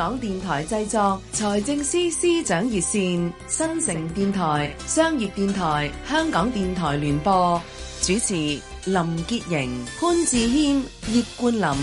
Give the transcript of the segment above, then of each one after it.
港電台製作財政司司長熱線，新城電台、商業電台、香港電台聯播主持林潔瑩、潘志謙、葉冠霖。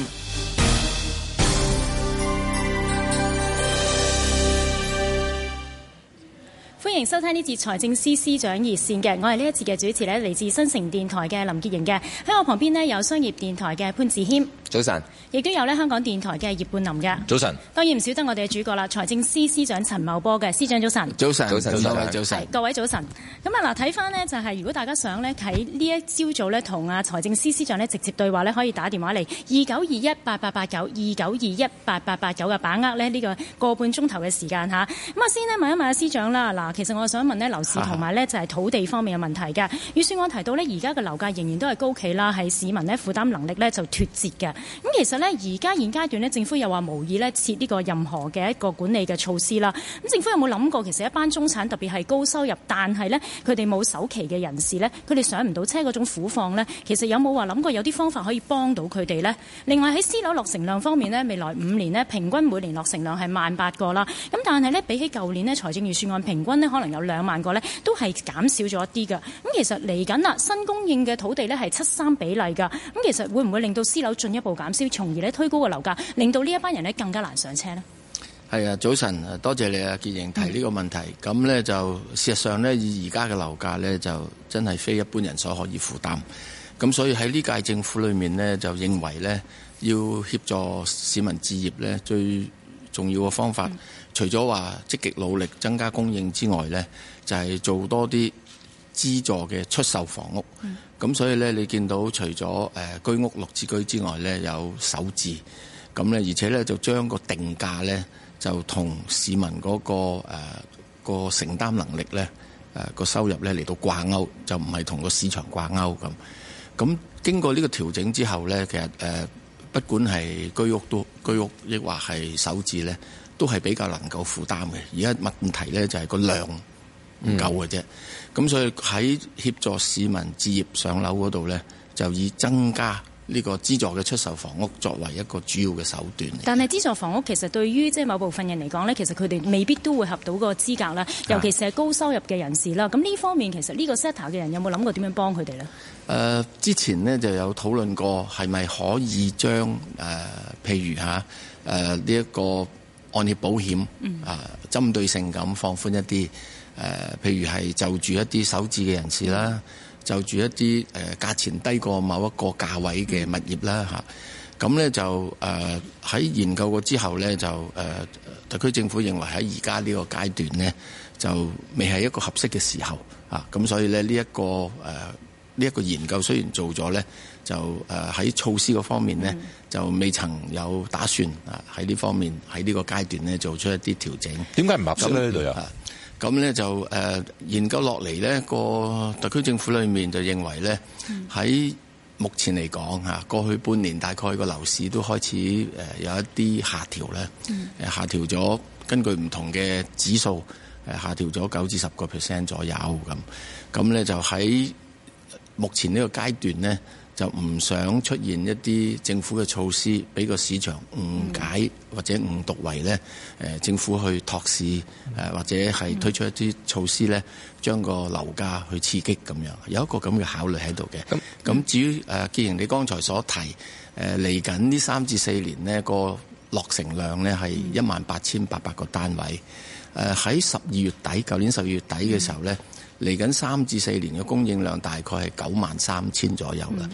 歡迎收聽呢節財政司司長熱線嘅，我係呢一節嘅主持咧，嚟自新城電台嘅林潔瑩嘅，喺我旁邊咧有商業電台嘅潘志謙。早晨，亦都有咧香港電台嘅葉半林嘅早晨。當然唔少得我哋嘅主角啦，財政司司長陳茂波嘅司長早晨。早晨，早晨，早晨，早晨早晨，各位早晨。咁啊嗱，睇翻呢就係、是、如果大家想呢，喺呢一朝早呢，同啊財政司司長呢直接對話呢，可以打電話嚟，二九二一八八八九二九二一八八八九，嘅把握呢，呢、這個個半鐘頭嘅時間吓。咁啊先咧問一問啊司長啦嗱，其實我想問呢，樓市同埋呢，就係土地方面嘅問題嘅。預算案提到呢，而家嘅樓價仍然都係高企啦，係市民呢負擔能力呢就脫節嘅。咁其實呢，而家現階段呢，政府又話無意呢設呢個任何嘅一個管理嘅措施啦。咁政府有冇諗過，其實一班中產特別係高收入，但係呢，佢哋冇首期嘅人士呢，佢哋上唔到車嗰種苦況呢？其實有冇話諗過有啲方法可以幫到佢哋呢？另外喺私樓落成量方面呢，未來五年呢，平均每年落成量係萬八個啦。咁但係呢，比起舊年呢，財政預算案平均呢，可能有兩萬個呢，都係減少咗一啲㗎。咁其實嚟緊啦，新供應嘅土地呢，係七三比例㗎。咁其實會唔會令到私樓進一步步減少，從而咧推高個樓價，令到呢一班人咧更加難上車咧。係啊，早晨，多謝你啊，傑瑩提呢個問題。咁、嗯、呢，咁就事實上呢，以而家嘅樓價呢，就真係非一般人所可以負擔。咁所以喺呢屆政府裏面呢，就認為呢，要協助市民置業呢，最重要嘅方法，嗯、除咗話積極努力增加供應之外呢，就係、是、做多啲資助嘅出售房屋。嗯咁所以咧，你見到除咗誒、呃、居屋、綠置居之外咧，有首置。咁咧，而且咧就將個定價咧就同市民嗰、那個誒、呃、承擔能力咧誒個收入咧嚟到掛鈎，就唔係同個市場掛鈎咁。咁經過呢個調整之後咧，其實誒、呃、不管係居屋都居屋，亦或係首置咧，都係比較能夠負擔嘅。而家問題咧就係、是、個量唔夠嘅啫。嗯咁所以喺協助市民置業上樓嗰度咧，就以增加呢個資助嘅出售房屋作為一個主要嘅手段嚟。但係資助房屋其實對於即係某部分人嚟講咧，其實佢哋未必都會合到個資格啦，尤其是係高收入嘅人士啦。咁呢方面其實呢個 setter 嘅人有冇諗過點樣幫佢哋咧？誒、呃，之前咧就有討論過，係咪可以將誒、呃、譬如吓誒呢一個按揭保險啊、嗯呃，針對性咁放寬一啲。誒、呃，譬如係就住一啲首置嘅人士啦，就住一啲誒、呃、價錢低過某一個價位嘅物業啦，咁咧就誒喺、啊、研究過之後咧就誒、啊，特區政府認為喺而家呢個階段咧就未係一個合適嘅時候啊。咁所以咧呢一個誒呢一個研究雖然做咗咧，就誒喺、啊、措施嗰方面咧就未曾有打算啊喺呢方面喺呢個階段咧做出一啲調整。點解唔合適咧呢度又？咁咧就誒研究落嚟咧，個特區政府裏面就認為咧，喺目前嚟講嚇，過去半年大概個樓市都開始誒有一啲下調咧，誒下調咗，根據唔同嘅指數，誒下調咗九至十個 percent 左右咁，咁咧就喺目前呢個階段咧。就唔想出現一啲政府嘅措施，俾個市場誤解或者誤讀為呢、嗯、政府去託市、嗯、或者係推出一啲措施呢，將個樓價去刺激咁樣，有一個咁嘅考慮喺度嘅。咁、嗯、至於誒既然你剛才所提誒嚟緊呢三至四年呢個落成量呢係一萬八千八百個單位，誒喺十二月底，舊年十二月底嘅時候呢。嗯嚟緊三至四年嘅供應量大概係九萬三千左右啦。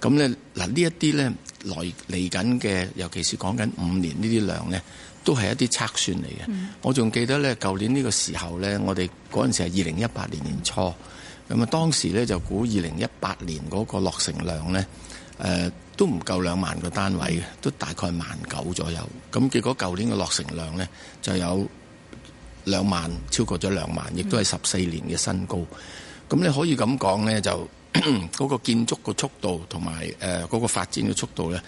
咁咧嗱呢一啲呢，來嚟緊嘅，尤其是講緊五年呢啲量呢，都係一啲測算嚟嘅、嗯。我仲記得呢，舊年呢個時候呢，我哋嗰陣時係二零一八年年初，咁啊當時呢，就估二零一八年嗰個落成量呢，誒、呃、都唔夠兩萬個單位，都大概萬九左右。咁結果舊年嘅落成量呢，就有。兩萬超過咗兩萬，亦都係十四年嘅新高。咁、嗯、你可以咁講呢就嗰、 嗰個建築個速度同埋誒嗰個發展嘅速度呢，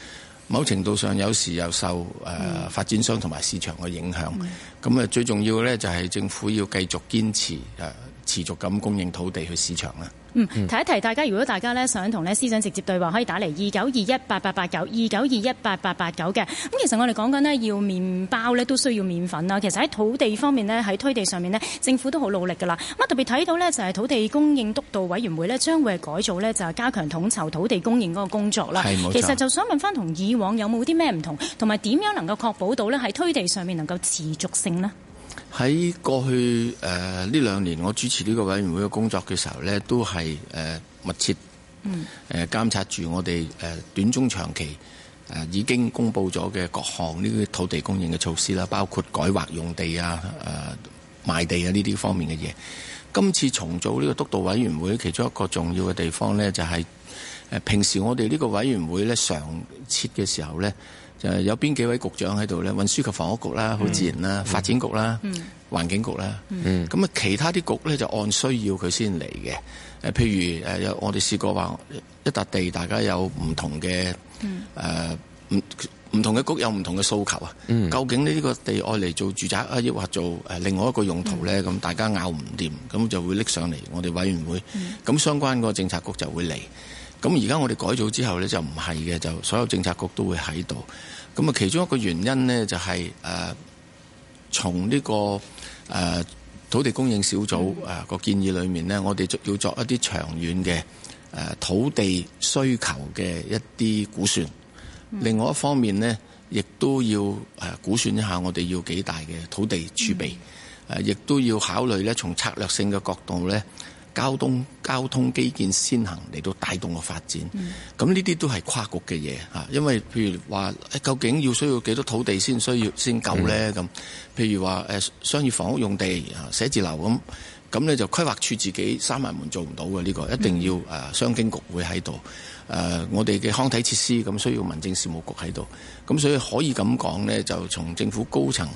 某程度上有時又受誒、呃、發展商同埋市場嘅影響。咁、嗯、啊，最重要呢，就係、是、政府要繼續堅持誒、呃、持續咁供應土地去市場啦。嗯，提一提大家，如果大家咧想同咧司長直接對話，可以打嚟二九二一八八八九二九二一八八八九嘅。咁其實我哋講緊呢，要麵包呢都需要麵粉啦。其實喺土地方面呢，喺推地上面呢，政府都好努力噶啦。咁啊特別睇到呢就係土地供應督導委員會呢，將會係改造呢就係加強統籌土地供應嗰個工作啦。係冇錯。其實就想問翻同以往有冇啲咩唔同，同埋點樣能夠確保到呢喺推地上面能夠持續性呢？喺過去誒呢兩年，我主持呢個委員會嘅工作嘅時候呢，都係誒、呃、密切誒監、呃、察住我哋誒、呃、短中長期誒、呃、已經公布咗嘅各項呢啲土地供應嘅措施啦，包括改劃用地啊、誒、呃、賣地啊呢啲方面嘅嘢。今次重組呢個督導委員會，其中一個重要嘅地方呢，就係、是、誒平時我哋呢個委員會呢常設嘅時候呢。就係有邊幾位局長喺度咧？運輸及房屋局啦，好自然啦，發展局啦，mm -hmm. 環境局啦，咁啊，其他啲局咧就按需要佢先嚟嘅。誒、啊，譬如誒、呃，我哋試過話一笪地，大家有唔同嘅誒唔唔同嘅局有唔同嘅訴求啊。Mm -hmm. 究竟呢個地愛嚟做住宅啊，抑或做誒另外一個用途咧？咁、mm -hmm. 大家拗唔掂，咁就會拎上嚟我哋委員會，咁、mm -hmm. 相關個政策局就會嚟。咁而家我哋改組之後呢，就唔係嘅，就所有政策局都會喺度。咁啊，其中一個原因呢、就係，就係誒從呢、這個誒、呃、土地供應小組誒個建議裏面呢、嗯，我哋要作一啲長遠嘅誒、呃、土地需求嘅一啲估算、嗯。另外一方面呢，亦都要誒估算一下我哋要幾大嘅土地儲備。誒、嗯，亦都要考慮呢，從策略性嘅角度呢。交通交通基建先行嚟到帶動個發展，咁呢啲都係跨局嘅嘢嚇，因為譬如話，究竟要需要幾多土地先需要先夠咧？咁、嗯，譬如話誒，商業房屋用地嚇，寫字樓，咁，咁你就規劃處自己閂埋門做唔到嘅，呢個一定要誒商經局會喺度。誒、嗯呃，我哋嘅康體設施，咁需要民政事務局喺度。咁所以可以咁講咧，就從政府高層。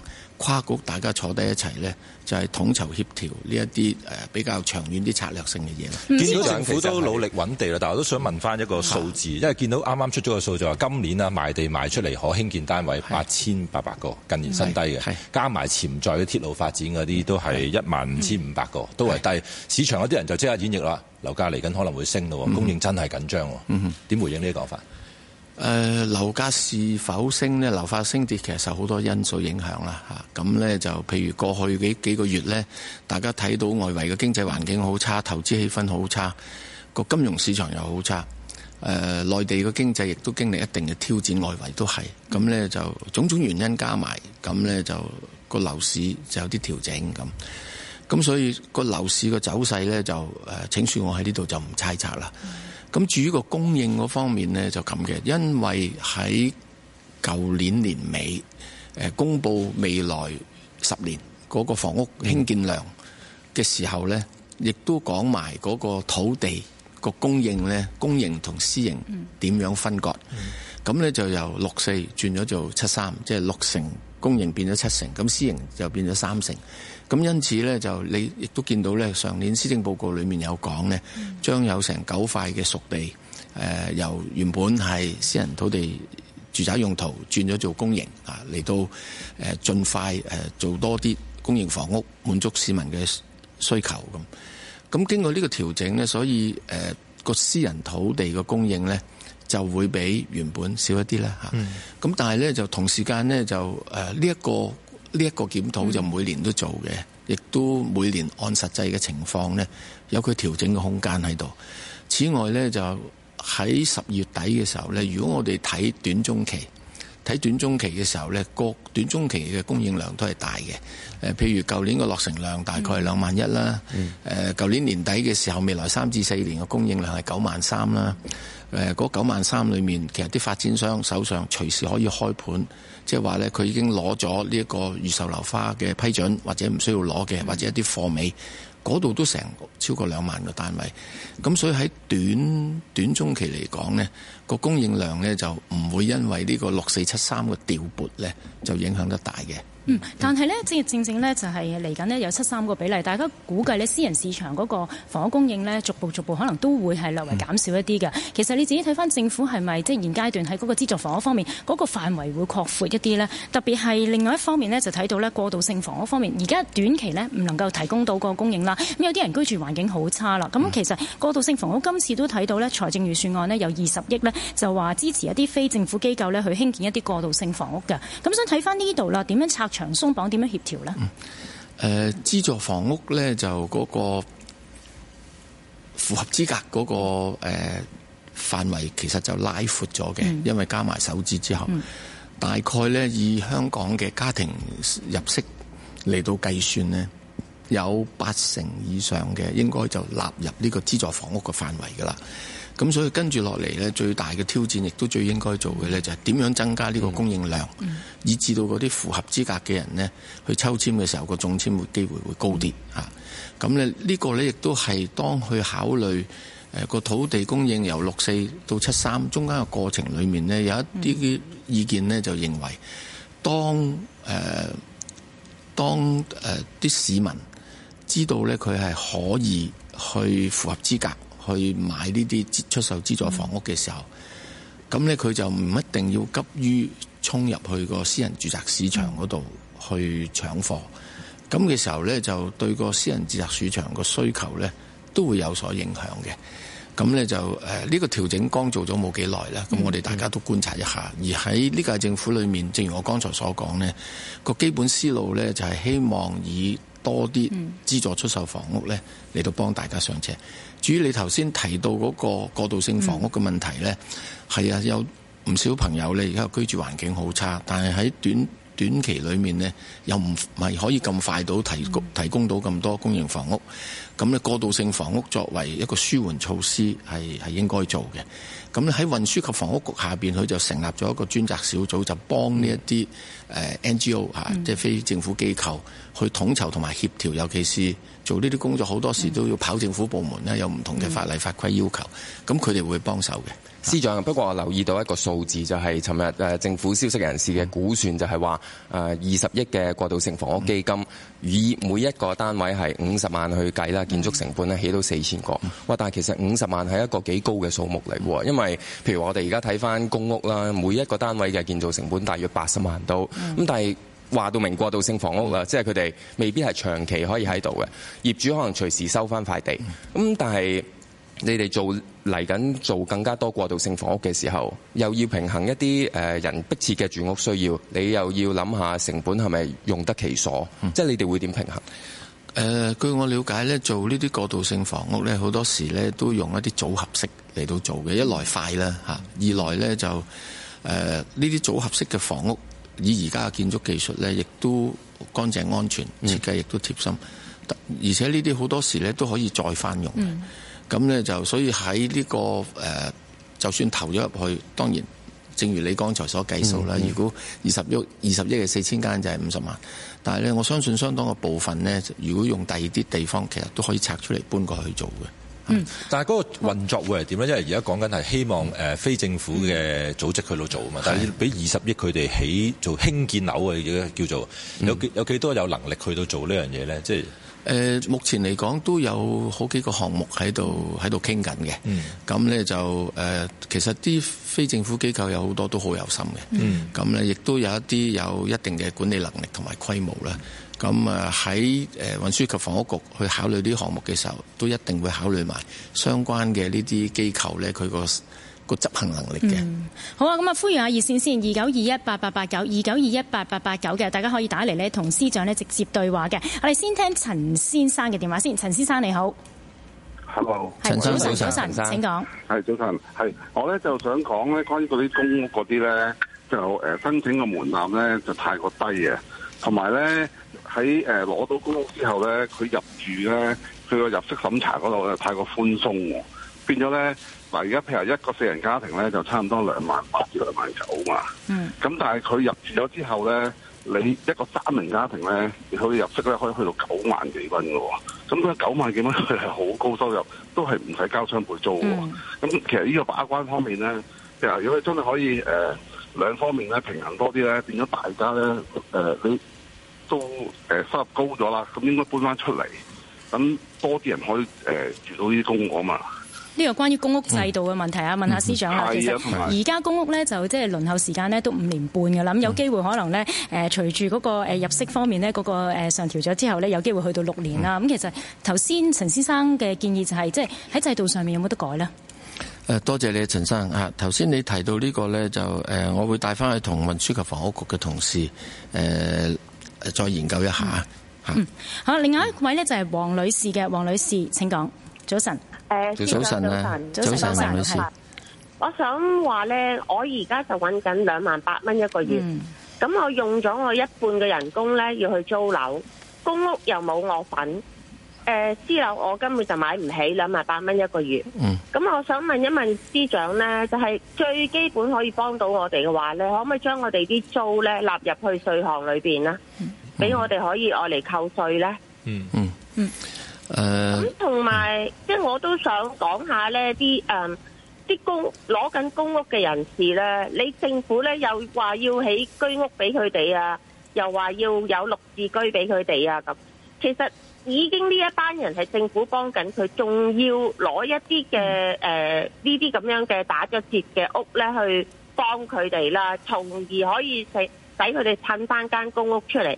跨局大家坐低一齊呢，就係、是、統籌協調呢一啲誒比較長遠啲策略性嘅嘢。見到政府都努力揾地啦，但係我都想問翻一個數字，因為見到啱啱出咗個數字，話今年啦，賣地賣出嚟可興建單位八千八百個，近年新低嘅，加埋潛在嘅鐵路發展嗰啲都係一萬五千五百個，是都係低是。市場有啲人就即刻演繹啦，樓價嚟緊可能會升咯，供應真係緊張。點回應呢個講法？誒、呃、樓價是否升呢？樓價升跌其實受好多因素影響啦，咁、啊、呢，就譬如過去幾幾個月呢，大家睇到外圍嘅經濟環境好差，投資氣氛好差，個金融市場又好差，誒、呃、內地嘅經濟亦都經歷一定嘅挑戰，外圍都係咁呢就種種原因加埋，咁呢就，就、個樓市就有啲調整咁，咁所以、個樓市嘅走勢呢，就誒、呃，請恕我喺呢度就唔猜測啦。咁至於個供應嗰方面呢，就咁嘅，因為喺舊年年尾誒公佈未來十年嗰個房屋興建量嘅時候呢，亦都講埋嗰個土地個供應呢，公營同私營點樣分割，咁呢，就由六四轉咗做七三，即係六成公營變咗七成，咁私營就變咗三成。咁因此咧，就你亦都見到咧，上年施政報告裏面有講咧，將有成九塊嘅熟地，誒由原本係私人土地住宅用途轉咗做公營啊，嚟到誒盡快誒做多啲公營房屋，滿足市民嘅需求咁。咁經過呢個調整咧，所以誒個私人土地嘅供應咧就會比原本少一啲啦吓。咁、嗯、但係咧就同時間咧就誒呢一個。呢、這、一個檢討就每年都做嘅、嗯，亦都每年按實際嘅情況呢有佢調整嘅空間喺度。此外呢就喺十月底嘅時候呢，如果我哋睇短中期，睇短中期嘅時候呢，個短中期嘅供應量都係大嘅、呃。譬如舊年個落成量大概係兩萬一啦。舊年年底嘅時候，未來三至四年嘅供應量係九萬三啦。嗰九萬三裏面，其實啲發展商手上隨時可以開盤。即係話咧，佢已經攞咗呢一個預售樓花嘅批准，或者唔需要攞嘅，或者一啲貨尾，嗰度都成超過兩萬個單位。咁所以喺短短中期嚟講，呢個供應量呢就唔會因為呢個六四七三嘅調撥呢就影響得大嘅。嗯，但係呢，正正正正呢就係嚟緊呢，有七三個比例，大家估計呢私人市場嗰個房屋供應呢，逐步逐步可能都會係略為減少一啲嘅、嗯。其實你自己睇翻政府係咪即係現階段喺嗰個資助房屋方面嗰、嗰個範圍會擴闊一啲呢？特別係另外一方面呢，就睇到呢過渡性房屋方面，而家短期呢，唔能夠提供到個供應啦。咁有啲人居住環境好差啦。咁、嗯、其實過渡性房屋今次都睇到呢財政預算案呢，有二十億呢就話支持一啲非政府機構呢去興建一啲過渡性房屋嘅。咁想睇翻呢度啦，點樣拆？長鬆綁點樣協調呢？誒、嗯呃、資助房屋呢，就嗰個符合資格嗰、那個誒、呃、範圍，其實就拉闊咗嘅、嗯，因為加埋首置之後、嗯，大概呢，以香港嘅家庭入息嚟到計算呢有八成以上嘅應該就納入呢個資助房屋嘅範圍噶啦。咁所以跟住落嚟呢，最大嘅挑戰亦都最應該做嘅呢，就係點樣增加呢個供應量，嗯嗯、以至到嗰啲符合資格嘅人呢，去抽籤嘅時候，個中籤會機會會高啲啊。咁呢呢、呢個呢，亦都係當去考慮個、呃、土地供應由六四到七三中間嘅過程裏面呢，有一啲意見呢，就認為當誒、呃、當誒啲、呃、市民知道呢，佢係可以去符合資格。去買呢啲出售資助房屋嘅時候，咁、嗯、呢，佢就唔一定要急於衝入去個私人住宅市場嗰度去搶貨，咁、嗯、嘅時候呢，就對個私人住宅市場嘅需求呢都會有所影響嘅。咁呢，就誒呢個調整剛做咗冇幾耐啦，咁我哋大家都觀察一下。嗯、而喺呢屆政府裏面，正如我剛才所講呢，個基本思路呢，就係希望以多啲資助出售房屋呢嚟到幫大家上車。至於你頭先提到嗰個過渡性房屋嘅問題呢，係、嗯、啊有唔少朋友呢，而家居住環境好差，但係喺短短期裡面呢，又唔係可以咁快到提供提供到咁多公營房屋，咁呢，過渡性房屋作為一個舒緩措施係係應該做嘅。咁喺運輸及房屋局下邊，佢就成立咗一個專責小組，就幫呢一啲誒 NGO 吓，即係非政府機構去統籌同埋協調，尤其是做呢啲工作，好多時都要跑政府部門咧，有唔同嘅法例法規要求，咁佢哋會幫手嘅。司長，不過我留意到一個數字，就係尋日誒政府消息人士嘅估算，就係話誒二十億嘅過渡性房屋基金，以每一個單位係五十萬去計啦，建築成本咧起到四千個。哇！但係其實五十萬係一個幾高嘅數目嚟嘅，因為譬如我哋而家睇翻公屋啦，每一個單位嘅建造成本大約八十萬到。咁但係話到明過渡性房屋啦，即係佢哋未必係長期可以喺度嘅，業主可能隨時收翻塊地。咁但係，你哋做嚟緊做更加多過渡性房屋嘅時候，又要平衡一啲誒、呃、人迫切嘅住屋需要，你又要諗下成本係咪用得其所？嗯、即係你哋會點平衡？誒、呃，據我了解咧，做呢啲過渡性房屋咧，好多時咧都用一啲組合式嚟到做嘅，一來快啦嚇，二來咧就誒呢啲組合式嘅房屋，以而家嘅建築技術咧，亦都乾淨安全，設計亦都貼心，嗯、而且呢啲好多時咧都可以再翻用。嗯咁咧就，所以喺呢、這個誒、呃，就算投咗入去，當然，正如你剛才所計數啦、嗯。如果二十億、二十億嘅四千間就係五十萬，但係咧，我相信相當嘅部分咧，如果用第二啲地方，其實都可以拆出嚟搬過去做嘅。嗯，但係嗰個運作會係點咧？因為而家講緊係希望誒非政府嘅組織去到做啊嘛，但係俾二十億佢哋起做興建樓嘅叫做有幾有幾多有能力去到做呢樣嘢咧？即係。誒目前嚟講都有好幾個項目喺度喺度傾緊嘅，咁咧、嗯、就誒、呃、其實啲非政府機構有好多都好有心嘅，嗯、咁咧亦都有一啲有一定嘅管理能力同埋規模啦。咁啊喺誒運輸及房屋局去考慮啲項目嘅時候，都一定會考慮埋相關嘅呢啲機構咧，佢個。執行能力嘅、嗯，好啊！咁啊，呼援下熱線先，二九二一八八八九，二九二一八八八九嘅，大家可以打嚟，咧，同司長咧直接對話嘅。我哋先聽陳先生嘅電話先。陳先生你好，Hello，先生早晨，早晨，請講。係早晨，係我咧就想講咧，關於嗰啲公屋嗰啲咧，就誒、呃、申請嘅門檻咧就太過低啊，同埋咧喺誒攞到公屋之後咧，佢入住咧，佢個入息審查嗰度咧太過寬鬆，變咗咧。嗱，而家譬如一個四人家庭咧，就差唔多兩萬八至兩萬九嘛。嗯。咁但係佢入住咗之後咧，你一個三人家庭咧，佢入息咧可以去到九萬幾蚊㗎喎。咁、嗯、係九萬幾蚊佢係好高收入，都係唔使交雙倍租喎。咁、嗯嗯、其實呢個把關方面咧，譬如如果真係可以誒、呃、兩方面咧平衡多啲咧，變咗大家咧誒、呃、你都、呃、收入高咗啦，咁應該搬翻出嚟，咁多啲人可以誒、呃、住到呢啲公屋啊嘛。呢個關於公屋制度嘅問題啊、嗯，問下司長啊，其實而家公屋咧就即、是、係輪候時間咧都五年半㗎啦，咁、嗯、有機會可能咧誒、呃、隨住嗰個入息方面咧嗰、那個上調咗之後咧有機會去到六年啦。咁、嗯、其實頭先陳先生嘅建議就係即係喺制度上面有冇得改咧？誒多謝你陳生啊！頭先你提到呢、這個咧就誒，我會帶翻去同運輸及房屋局嘅同事誒、呃、再研究一下。嗯嗯、好，另外一位咧就係黃女士嘅，黃女士請講。早晨，誒司長，早晨，早晨，早晨，女士，我想話咧，我而家就揾緊兩萬八蚊一個月，咁我用咗我一半嘅人工咧，要去租樓，公屋又冇我份，誒私樓我根本就買唔起兩萬八蚊一個月，咁我想問一問司長咧，就係最基本可以幫到我哋嘅話，你可唔可以將我哋啲租咧納入去稅項裏邊咧？俾我哋可以愛嚟扣稅咧？嗯嗯嗯。咁同埋，即係我都想講下咧，啲誒，啲公攞緊公屋嘅人士咧，你政府咧又話要起居屋俾佢哋啊，又話要有綠置居俾佢哋啊，咁其實已經呢一班人係政府幫緊佢，仲要攞一啲嘅誒呢啲咁樣嘅打咗折嘅屋咧去幫佢哋啦，從而可以使使佢哋襯翻間公屋出嚟。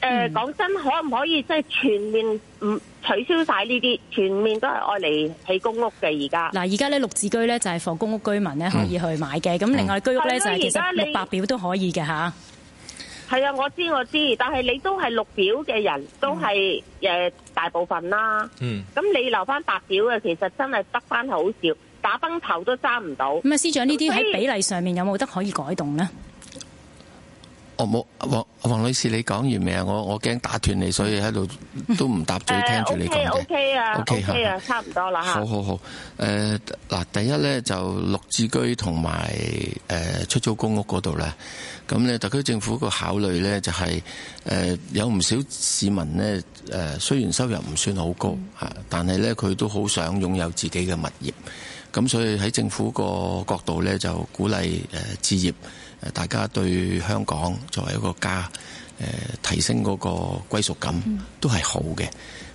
誒，講真，可唔可以即係全面唔？取消晒呢啲，全面都係用嚟起公屋嘅而家。嗱，而家咧綠置居咧就係、是，畀公屋居民咧可以去買嘅。咁、嗯、另外居屋咧就係其實綠白表都可以嘅吓。係啊，我知我知，但係你都係綠表嘅人，都係誒、嗯呃、大部分啦。嗯。咁你留翻白表嘅，其實真係得翻好少，打崩頭都爭唔到。咁啊，司長呢啲喺比例上面有冇得可以改動咧？王、哦、冇黃黃女士，你講完未啊？我我驚打斷你，所以喺度都唔搭嘴聽住你講 O K 啊，O K 啊，okay, okay 啊 okay, okay, 差唔多啦吓。好好好。誒、呃、嗱，第一咧就綠置居同埋誒出租公屋嗰度咧，咁咧特區政府個考慮咧就係、是、誒有唔少市民咧誒雖然收入唔算好高吓，但係咧佢都好想擁有自己嘅物業，咁所以喺政府個角度咧就鼓勵誒置業。大家對香港作為一個家，誒、呃、提升嗰個歸屬感都係好嘅。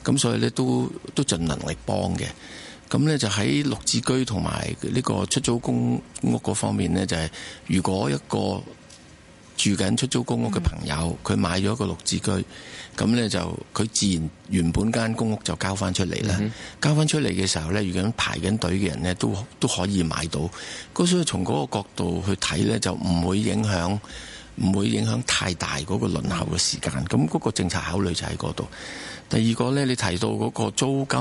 咁所以呢，都都盡能力幫嘅。咁呢，就喺綠置居同埋呢個出租公屋嗰方面呢，就係、是、如果一個住緊出租公屋嘅朋友，佢買咗一個綠置居。咁呢，就佢自然原本間公屋就交翻、mm -hmm. 出嚟啦，交翻出嚟嘅時候呢，如果排緊隊嘅人呢，都都可以買到，咁所以從嗰個角度去睇呢，就唔會影響，唔會影響太大嗰個輪候嘅時間。咁嗰個政策考慮就喺嗰度。第二個呢，你提到嗰個租金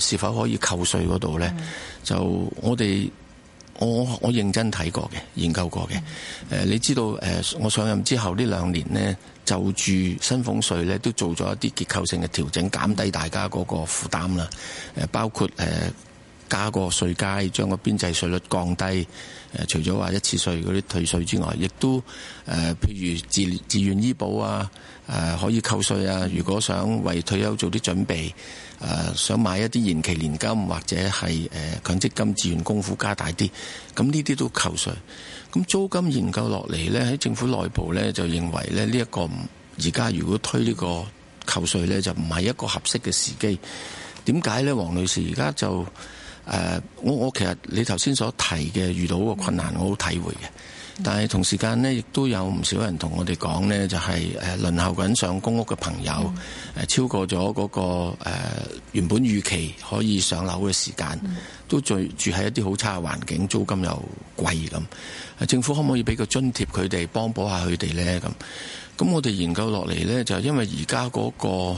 誒是否可以扣稅嗰度呢？Mm -hmm. 就我哋。我我認真睇過嘅，研究過嘅。誒，你知道誒，我上任之後呢兩年呢，就住薪俸稅咧都做咗一啲結構性嘅調整，減低大家嗰個負擔啦。包括加個稅階，將個邊際稅率降低。除咗話一次稅嗰啲退稅之外，亦都誒，譬、呃、如自自願醫保啊，誒、呃、可以扣稅啊。如果想為退休做啲準備，誒、呃、想買一啲延期年金或者係誒、呃、強積金自願供款加大啲，咁呢啲都扣稅。咁租金研究落嚟呢，喺政府內部呢，就認為呢呢一個唔而家如果推呢個扣稅呢，就唔係一個合適嘅時機。點解呢？王女士而家就？誒、呃，我我其實你頭先所提嘅遇到個困難，我好體會嘅。但係同時間呢，亦都有唔少人同我哋講呢就係、是、誒、呃、輪候緊上公屋嘅朋友、呃、超過咗嗰、那個、呃、原本預期可以上樓嘅時間，都住住喺一啲好差嘅環境，租金又貴咁。政府可唔可以俾個津貼佢哋幫補下佢哋呢？咁，咁我哋研究落嚟呢，就因為而家嗰個、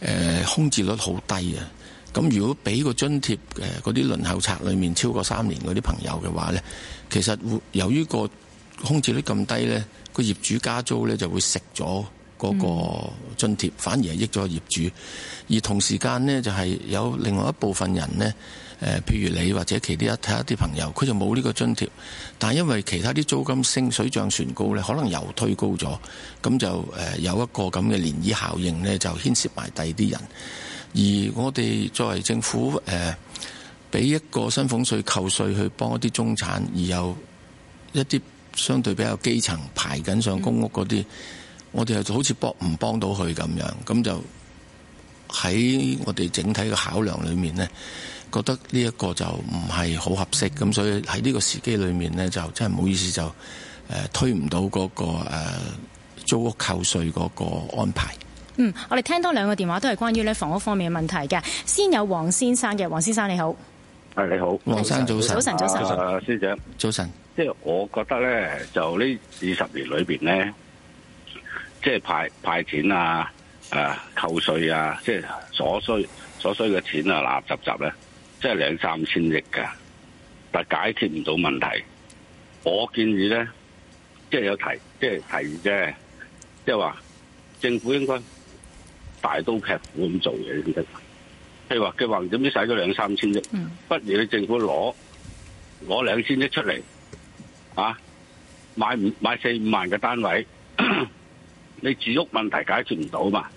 呃、空置率好低啊。咁如果俾個津貼誒嗰啲輪候冊裏面超過三年嗰啲朋友嘅話呢，其實由於個空置率咁低呢，個業主加租呢就會食咗嗰個津貼，反而係益咗業主。而同時間呢，就係有另外一部分人呢，誒譬如你或者其他一啲朋友，佢就冇呢個津貼，但因為其他啲租金升水漲船高呢，可能又推高咗，咁就誒有一個咁嘅漣漪效應呢，就牽涉埋第二啲人。而我哋作為政府誒俾、呃、一個薪俸稅扣稅去幫一啲中產，而又一啲相對比較基層排緊上公屋嗰啲、嗯，我哋係好似幫唔幫到佢咁樣，咁就喺我哋整體嘅考量裏面咧，覺得呢一個就唔係好合適，咁所以喺呢個時機裏面咧，就真係唔好意思就誒、呃、推唔到嗰個、呃、租屋扣稅嗰個安排。嗯，我哋聽多兩個電話都係關於咧房屋方面嘅問題嘅。先有黃先生嘅，黃先生你好，係你好，早晨早晨早晨早晨，早晨早晨啊、司長早晨。即係我覺得咧，就呢二十年裏邊咧，即係派派錢啊，誒、啊、扣稅啊，即係所需所需嘅錢啊，垃雜雜咧，即係兩三千億㗎。但係解決唔到問題。我建議咧，即係有提，即係提議啫，即係話政府應該。大刀闊斧咁做嘢唔知？譬如話計劃點使咗兩三千億，mm. 不如你政府攞攞兩千億出嚟，啊，買唔買四五萬嘅單位？ 你住屋問題解決唔到嘛？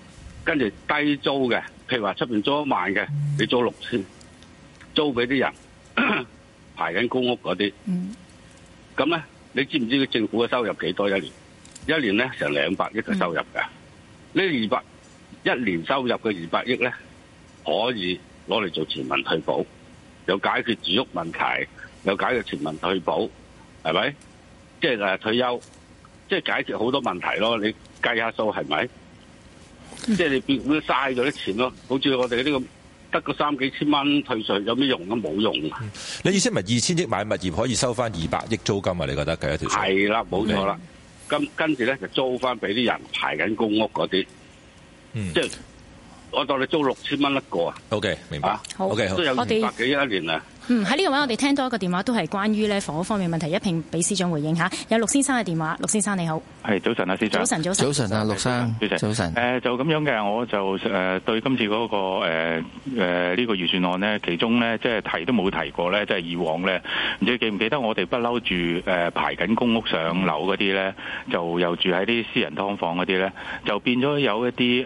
跟住低租嘅，譬如話出面租一萬嘅，你租六千，租俾啲人 排緊公屋嗰啲。咁、mm. 咧，你知唔知佢政府嘅收入幾多一年？一年咧成兩百億嘅收入㗎，呢、mm. 二百。一年收入嘅二百億咧，可以攞嚟做全民退保，又解決住屋問題，又解決全民退保，係咪？即係誒退休，即係解決好多問題咯。你計下數係咪？即係你變咁嘥咗啲錢咯。好似我哋呢個得個三幾千蚊退稅，有咩用啊？都冇用啊！你意思咪二千億買物業可以收翻二百億租金啊？你覺得計一條？係啦，冇錯啦。咁跟住咧就租翻俾啲人排緊公屋嗰啲。即、嗯、係我當你租六千蚊一個啊，OK 明白，啊，OK 都有二百幾一年啊。嗯，喺呢個位我哋聽多一個電話，都係關於咧房屋方面問題，一併俾司長回應吓，有陸先生嘅電話，陸先生你好，係早晨啊，司長，早晨早晨早晨啊，陸生，早晨早晨。誒、呃，就咁樣嘅，我就誒、呃、對今次嗰、那個誒誒呢個預算案咧，其中咧即係提都冇提過咧，即係以往咧，唔知你記唔記得我哋不嬲住誒、呃、排緊公屋上樓嗰啲咧，就又住喺啲私人劏房嗰啲咧，就變咗有一啲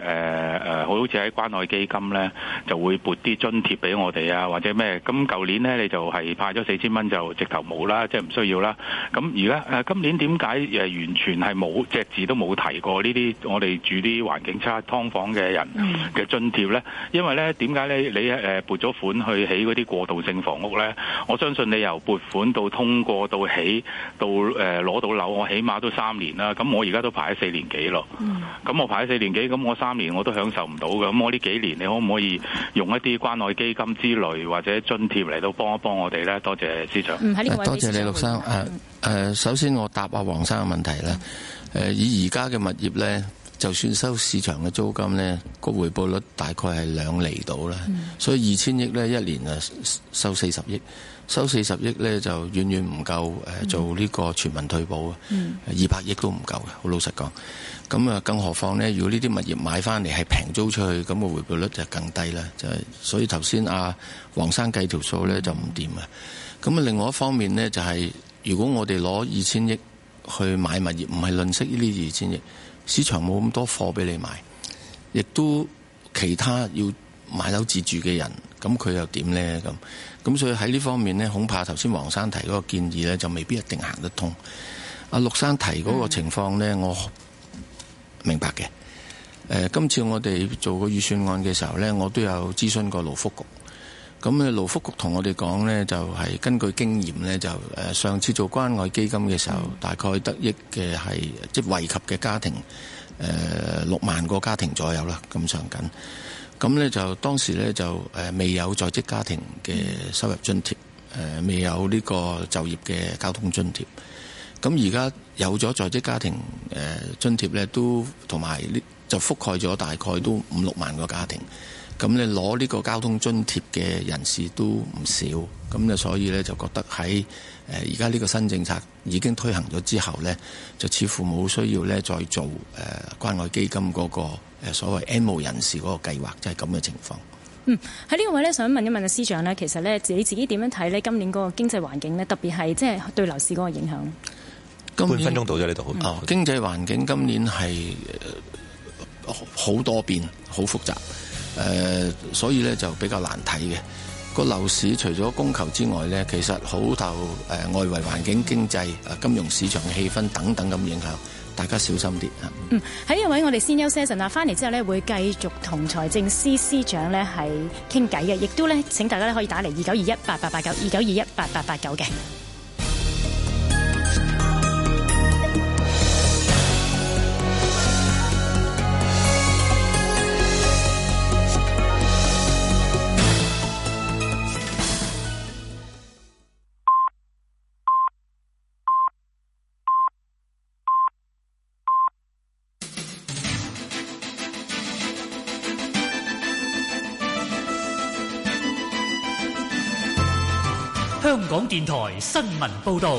誒誒，好似喺關愛基金咧就會撥啲津貼俾我哋啊，或者咩咁？舊年咧。你就係派咗四千蚊就直頭冇啦，即係唔需要啦。咁而家誒今年點解誒完全係冇隻字都冇提過呢啲我哋住啲環境差劏房嘅人嘅津貼呢？因為呢點解咧？你誒撥咗款去起嗰啲過渡性房屋呢？我相信你由撥款到通過到起到誒攞到樓，我起碼都三年啦。咁我而家都排咗四年幾咯。咁我排咗四年幾，咁我三年我都享受唔到嘅。咁我呢幾年你可唔可以用一啲關愛基金之類或者津貼嚟到幫？幫一幫我哋咧，多謝司長。嗯、多謝你，陸生、誒誒。首先我答阿黃生嘅問題咧、誒。以而家嘅物業咧。就算收市場嘅租金呢，個回報率大概係兩厘到啦、嗯，所以二千億呢，一年啊收四十億，收四十億呢，就遠遠唔夠做呢個全民退保啊，二、嗯、百億都唔夠嘅，好老實講。咁啊，更何況呢，如果呢啲物業買翻嚟係平租出去，咁個回報率就更低啦，就係所以頭先阿黃生計條數呢，就唔掂啊。咁啊，另外一方面呢、就係，就係如果我哋攞二千億去買物業，唔係吝嗇呢啲二千億。市場冇咁多貨俾你買，亦都其他要買樓自住嘅人，咁佢又點呢？咁咁所以喺呢方面呢，恐怕頭先黃生提嗰個建議呢，就未必一定行得通。阿陸生提嗰個情況呢，嗯，我明白嘅。今次我哋做個預算案嘅時候呢，我都有諮詢過勞福局。咁啊，勞福局同我哋講呢，就係根據經驗呢，就誒上次做關愛基金嘅時候，大概得益嘅係即係惠及嘅家庭誒六萬個家庭左右啦，咁上緊。咁呢就當時呢，就未有在職家庭嘅收入津貼，誒未有呢個就業嘅交通津貼。咁而家有咗在職家庭誒津貼呢，都同埋呢就覆蓋咗大概都五六萬個家庭。咁你攞呢個交通津貼嘅人士都唔少，咁就所以咧就覺得喺而家呢個新政策已經推行咗之後咧，就似乎冇需要咧再做誒關愛基金嗰個所謂 MO 人士嗰個計劃，即係咁嘅情況。嗯，喺呢個位咧想問一問啊司長咧，其實咧你自己點樣睇咧今年嗰個經濟環境咧，特別係即係對樓市嗰個影響。今半分鐘到咗呢度啊！經濟環境今年係好、呃、多變，好複雜。誒、呃，所以咧就比較難睇，嘅個樓市，除咗供求之外咧，其實好受誒外圍環境、經濟、啊金融市場嘅氣氛等等咁影響，大家小心啲嗯，喺呢位我哋先休息一陣啦，翻嚟之後咧會繼續同財政司司長咧係傾偈嘅，亦都咧請大家咧可以打嚟二九二一八八八九，二九二一八八八九嘅。香港電台新聞報道：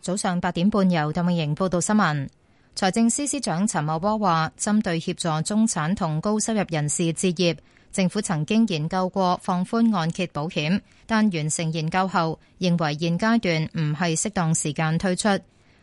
早上八點半，由鄧永瑩報道新聞。財政司司長陳茂波話，針對協助中產同高收入人士置業，政府曾經研究過放寬按揭保險，但完成研究後，認為現階段唔係適當時間推出。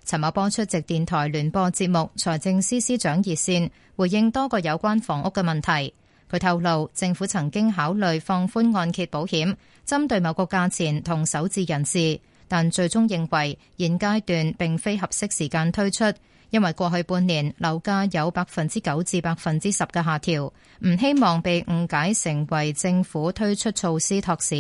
陳茂波出席電台聯播節目《財政司司長熱線》，回應多個有關房屋嘅問題。佢透露，政府曾經考慮放寬按揭保險，針對某個價錢同首置人士，但最終認為現階段並非合適時間推出，因為過去半年樓價有百分之九至百分之十嘅下調，唔希望被誤解成為政府推出措施托市。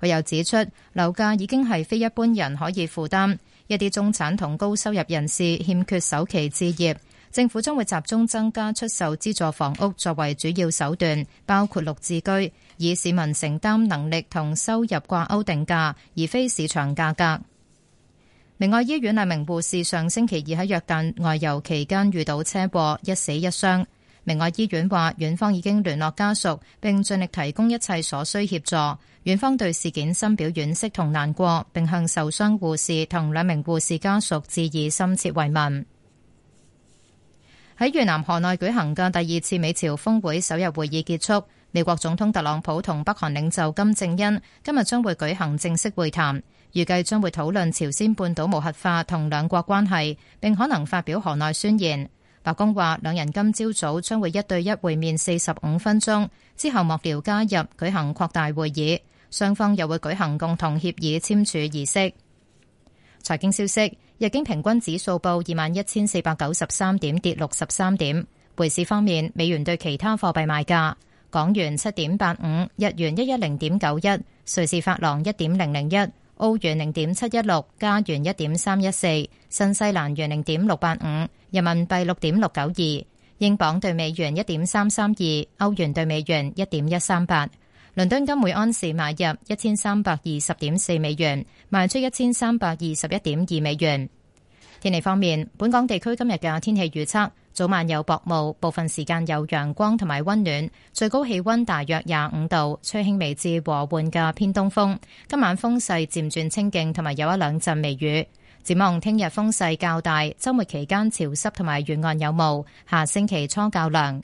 佢又指出，樓價已經係非一般人可以負擔，一啲中產同高收入人士欠缺首期置業。政府將會集中增加出售資助房屋作為主要手段，包括綠置居，以市民承擔能力同收入掛鈎定價，而非市場價格。明愛醫院兩名護士上星期二喺約旦外遊期間遇到車禍，一死一傷。明愛醫院話，院方已經聯絡家屬，並盡力提供一切所需協助。院方對事件深表惋惜同難過，並向受傷護士同兩名護士家屬致以深切慰問。喺越南河內舉行嘅第二次美朝峰會首日會議結束，美國總統特朗普同北韓領袖金正恩今日將會舉行正式會談，預計將會討論朝鮮半島無核化同兩國關係，并可能發表河內宣言。白宮話，兩人今朝早,早將會一對一會面四十五分鐘，之後幕僚加入舉行擴大會議，雙方又會舉行共同協議簽署儀式。財經消息。日經平均指數報二萬一千四百九十三點，跌六十三點。匯市方面，美元對其他貨幣賣價：港元七點八五，日元一一零點九一，瑞士法郎一點零零一，澳元零點七一六，加元一點三一四，新西蘭元零點六八五，人民幣六點六九二，英鎊兌美元一點三三二，歐元兌美元一點一三八。倫敦金每安士買入一千三百二十點四美元，賣出一千三百二十一點二美元。天氣方面，本港地區今日嘅天氣預測：早晚有薄霧，部分時間有陽光同埋温暖，最高氣温大約廿五度，吹輕微至和緩嘅偏東風。今晚風勢漸轉清勁，同埋有一兩陣微雨。展望聽日風勢較大，周末期間潮濕同埋沿岸有霧，下星期初較涼。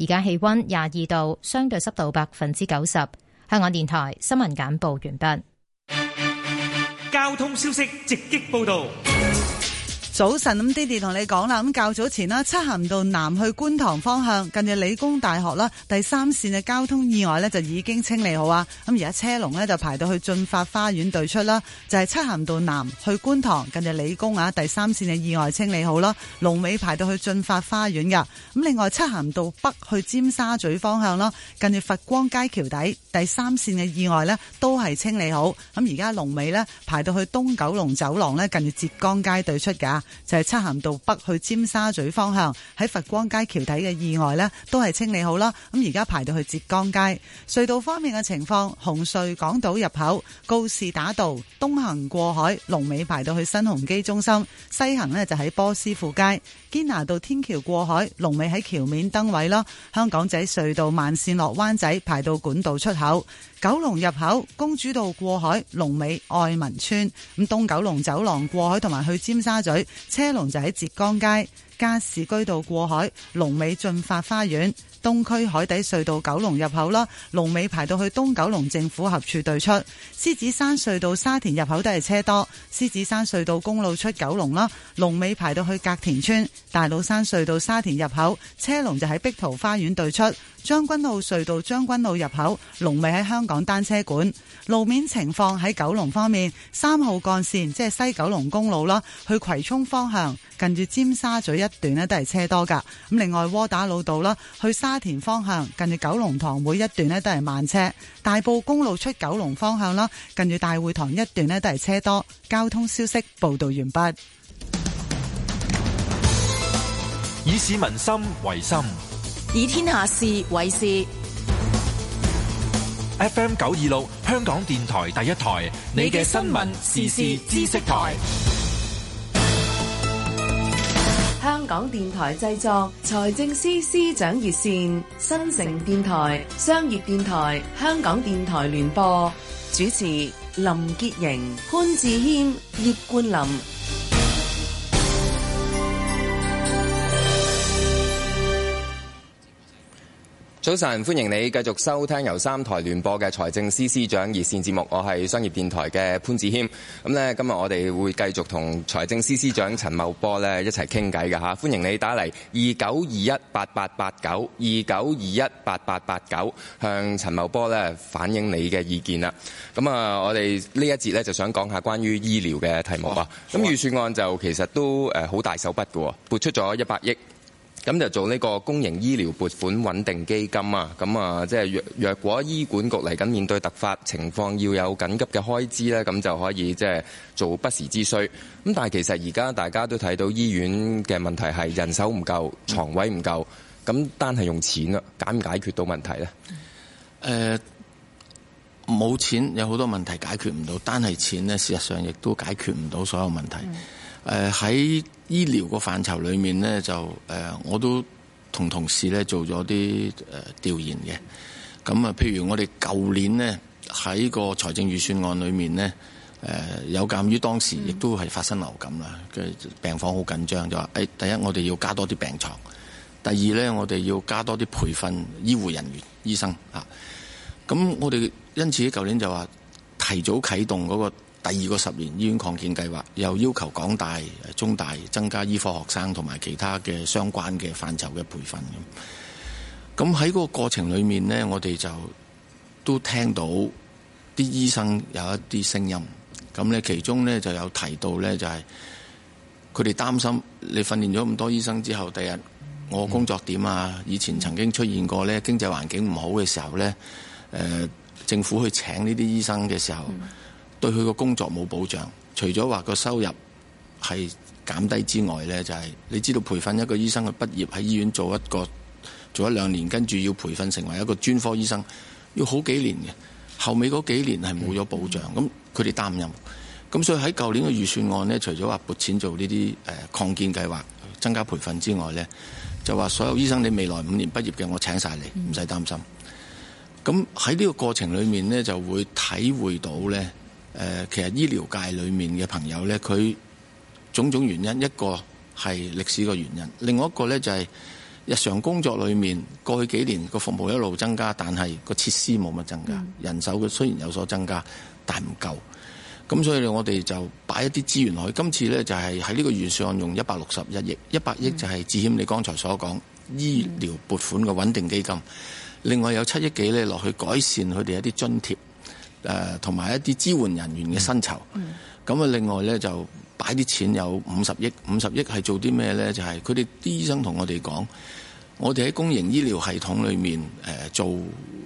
而家氣溫廿二度，相對濕度百分之九十。香港電台新聞簡報完畢。交通消息直擊報道。早晨，咁爹哋同你講啦，咁較早前啦，漆咸道南去觀塘方向，近住理工大學啦，第三線嘅交通意外呢，就已經清理好啊，咁而家車龍呢，就排到去駿發花園對出啦，就係、是、漆咸道南去觀塘，近住理工啊，第三線嘅意外清理好啦。龍尾排到去駿發花園噶，咁另外漆咸道北去尖沙咀方向啦，近住佛光街橋底第三線嘅意外呢，都係清理好，咁而家龍尾呢，排到去東九龍走廊呢，近住浙江街對出噶。就係、是、漆咸道北去尖沙咀方向，喺佛光街橋底嘅意外呢都係清理好啦。咁而家排到去浙江街隧道方面嘅情況，紅隧港島入口告士打道東行過海，龍尾排到去新鴻基中心；西行呢就喺波斯富街。堅拿道天橋過海，龍尾喺橋面燈位啦。香港仔隧道慢線落灣仔，排到管道出口。九龍入口公主道過海，龍尾愛民村。咁東九龍走廊過海同埋去尖沙咀，車龍就喺浙江街。加士居道過海，龍尾駿發花園。東區海底隧道九龍入口啦，龍尾排到去東九龍政府合署對出；獅子山隧道沙田入口都係車多，獅子山隧道公路出九龍啦，龍尾排到去隔田村；大老山隧道沙田入口車龍就喺碧桃花園對出；將軍澳隧道將軍澳入口龍尾喺香港單車館。路面情況喺九龍方面，三號幹線即係西九龍公路啦，去葵涌方向近住尖沙咀一段呢都係車多噶。咁另外窩打老道啦，去沙田方向近住九龍塘每一段呢都係慢車。大埔公路出九龍方向啦，近住大會堂一段呢都係車多。交通消息報道完畢。以市民心為心，以天下事為事。FM 九二六，香港電台第一台，你嘅新聞時事知識台。香港電台製作，財政司司長熱線，新城電台、商業電台、香港電台聯播，主持林潔瑩、潘志謙、葉冠霖。早晨，歡迎你繼續收聽由三台聯播嘅財政司司長熱線節目，我係商業電台嘅潘志謙。咁咧，今日我哋會繼續同財政司司長陳茂波咧一齊傾偈嘅吓，歡迎你打嚟二九二一八八八九，二九二一八八八九，向陳茂波咧反映你嘅意見啦。咁啊，我哋呢一節咧就想講下關於醫療嘅題目啊。咁預算案就其實都誒好大手筆嘅喎，撥出咗一百億。咁就做呢個公營醫療撥款穩定基金啊！咁啊，即係若若果醫管局嚟緊面對突發情況，要有緊急嘅開支呢，咁就可以即係做不時之需。咁但係其實而家大家都睇到醫院嘅問題係人手唔夠、床位唔夠，咁單係用錢啊，解唔解決到問題呢？誒、呃，冇錢有好多問題解決唔到，單係錢呢，事實上亦都解決唔到所有問題。嗯誒、呃、喺醫療個範疇裏面呢，就誒、呃、我都同同事呢做咗啲誒調研嘅。咁啊，譬如我哋舊年呢，喺個財政預算案裏面呢，誒、呃、有鑑於當時亦都係發生流感啦，嘅、嗯、病房好緊張，就話第一我哋要加多啲病床；第二呢，我哋要加多啲培訓醫護人員、醫生啊。咁我哋因此喺舊年就話提早啟動嗰、那個。第二個十年醫院擴建計劃又要求港大、中大增加醫科學生同埋其他嘅相關嘅範疇嘅培訓。咁喺個過程裏面呢，我哋就都聽到啲醫生有一啲聲音。咁呢，其中呢就有提到呢，就係佢哋擔心你訓練咗咁多醫生之後，第日我工作點啊、嗯？以前曾經出現過呢經濟環境唔好嘅時候呢、呃，政府去請呢啲醫生嘅時候。嗯對佢個工作冇保障，除咗話個收入係減低之外呢，就係你知道培訓一個醫生嘅畢業喺醫院做一個做一兩年，跟住要培訓成為一個專科醫生要好幾年嘅，後尾嗰幾年係冇咗保障。咁佢哋擔任咁，所以喺舊年嘅預算案呢，除咗話撥錢做呢啲誒擴建計劃增加培訓之外呢，就話所有醫生你未來五年畢業嘅，我請晒你唔使擔心。咁喺呢個過程裡面呢就會體會到呢。誒，其實醫療界裏面嘅朋友呢，佢種種原因，一個係歷史嘅原因，另外一個呢就係日常工作裏面，過去幾年個服務一路增加，但係個設施冇乜增加，嗯、人手佢雖然有所增加，但唔夠。咁所以我哋就擺一啲資源落去，今次呢就係喺呢個預算案用一百六十一億，一百億就係志憲你剛才所講醫療撥款嘅穩定基金，另外有七億幾呢落去改善佢哋一啲津貼。誒同埋一啲支援人員嘅薪酬，咁、嗯、啊另外呢，就擺啲錢有五十億，五十億係做啲咩呢？就係佢哋啲醫生同我哋講，我哋喺公營醫療系統裏面、呃、做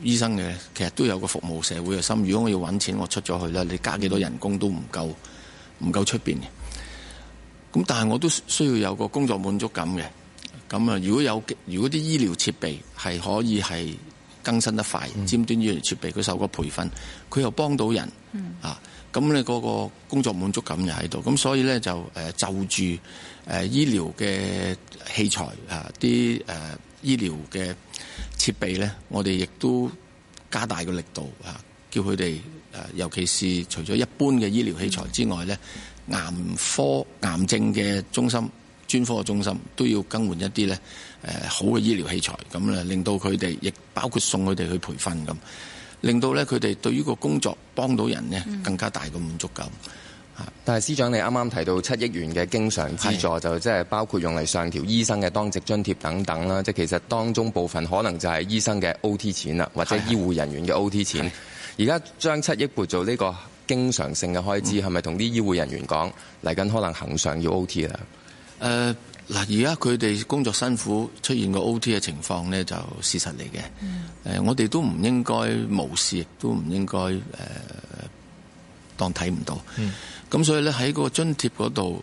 醫生嘅，其實都有個服務社會嘅心。如果我要揾錢，我出咗去啦，你加幾多人工都唔夠，唔夠出邊嘅。咁但係我都需要有個工作滿足感嘅。咁啊，如果有如果啲醫療設備係可以係。更新得快、嗯，尖端醫療設備，佢受過培訓，佢又幫到人、嗯、啊，咁你嗰個工作滿足感又喺度，咁所以呢，就誒就住誒醫療嘅器材啊，啲誒、啊、醫療嘅設備呢，我哋亦都加大個力度啊，叫佢哋誒，尤其是除咗一般嘅醫療器材之外呢、嗯，癌科癌症嘅中心專科嘅中心都要更換一啲呢好嘅醫療器材咁咧，令到佢哋亦包括送佢哋去培訓咁，令到咧佢哋對於個工作幫到人呢，更加大嘅滿足感。嗯、但係司長你啱啱提到七億元嘅經常資助，就即係包括用嚟上調醫生嘅當值津貼等等啦。即係其實當中部分可能就係醫生嘅 OT 錢啦，或者醫護人員嘅 OT 錢。而家將七億撥做呢個經常性嘅開支，係咪同啲醫護人員講嚟緊可能行上要 OT 啦？呃嗱，而家佢哋工作辛苦，出現個 O.T. 嘅情況咧，就事實嚟嘅。誒、呃，我哋都唔應該無視，都唔應該誒、呃、當睇唔到。咁所以咧，喺個津貼嗰度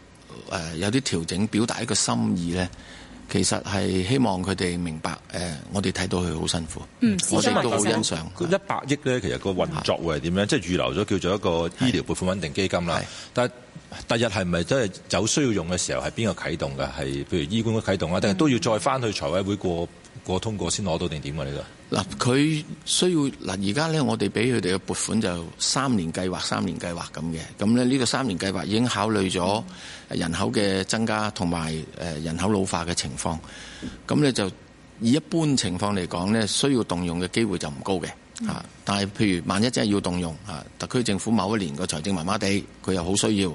誒有啲調整，表達一個心意咧。其實係希望佢哋明白，誒，我哋睇到佢好辛苦，嗯、我哋都好欣賞。佢一百億咧，其實個、嗯嗯、運作會係點樣？即係、就是、預留咗叫做一個醫療撥款穩定基金啦。但係第日係咪真係有需要用嘅時候，係邊個啟動嘅？係譬如醫管局啟動啊，定係都要再翻去財委會過？過通過先攞到定點㗎？呢個嗱，佢需要嗱，而家咧，我哋俾佢哋嘅撥款就三年計劃、三年計劃咁嘅。咁咧，呢個三年計劃已經考慮咗人口嘅增加同埋誒人口老化嘅情況。咁咧就以一般情況嚟講咧，需要動用嘅機會就唔高嘅。嚇、嗯！但係譬如萬一真係要動用嚇，特區政府某一年個財政麻麻地，佢又好需要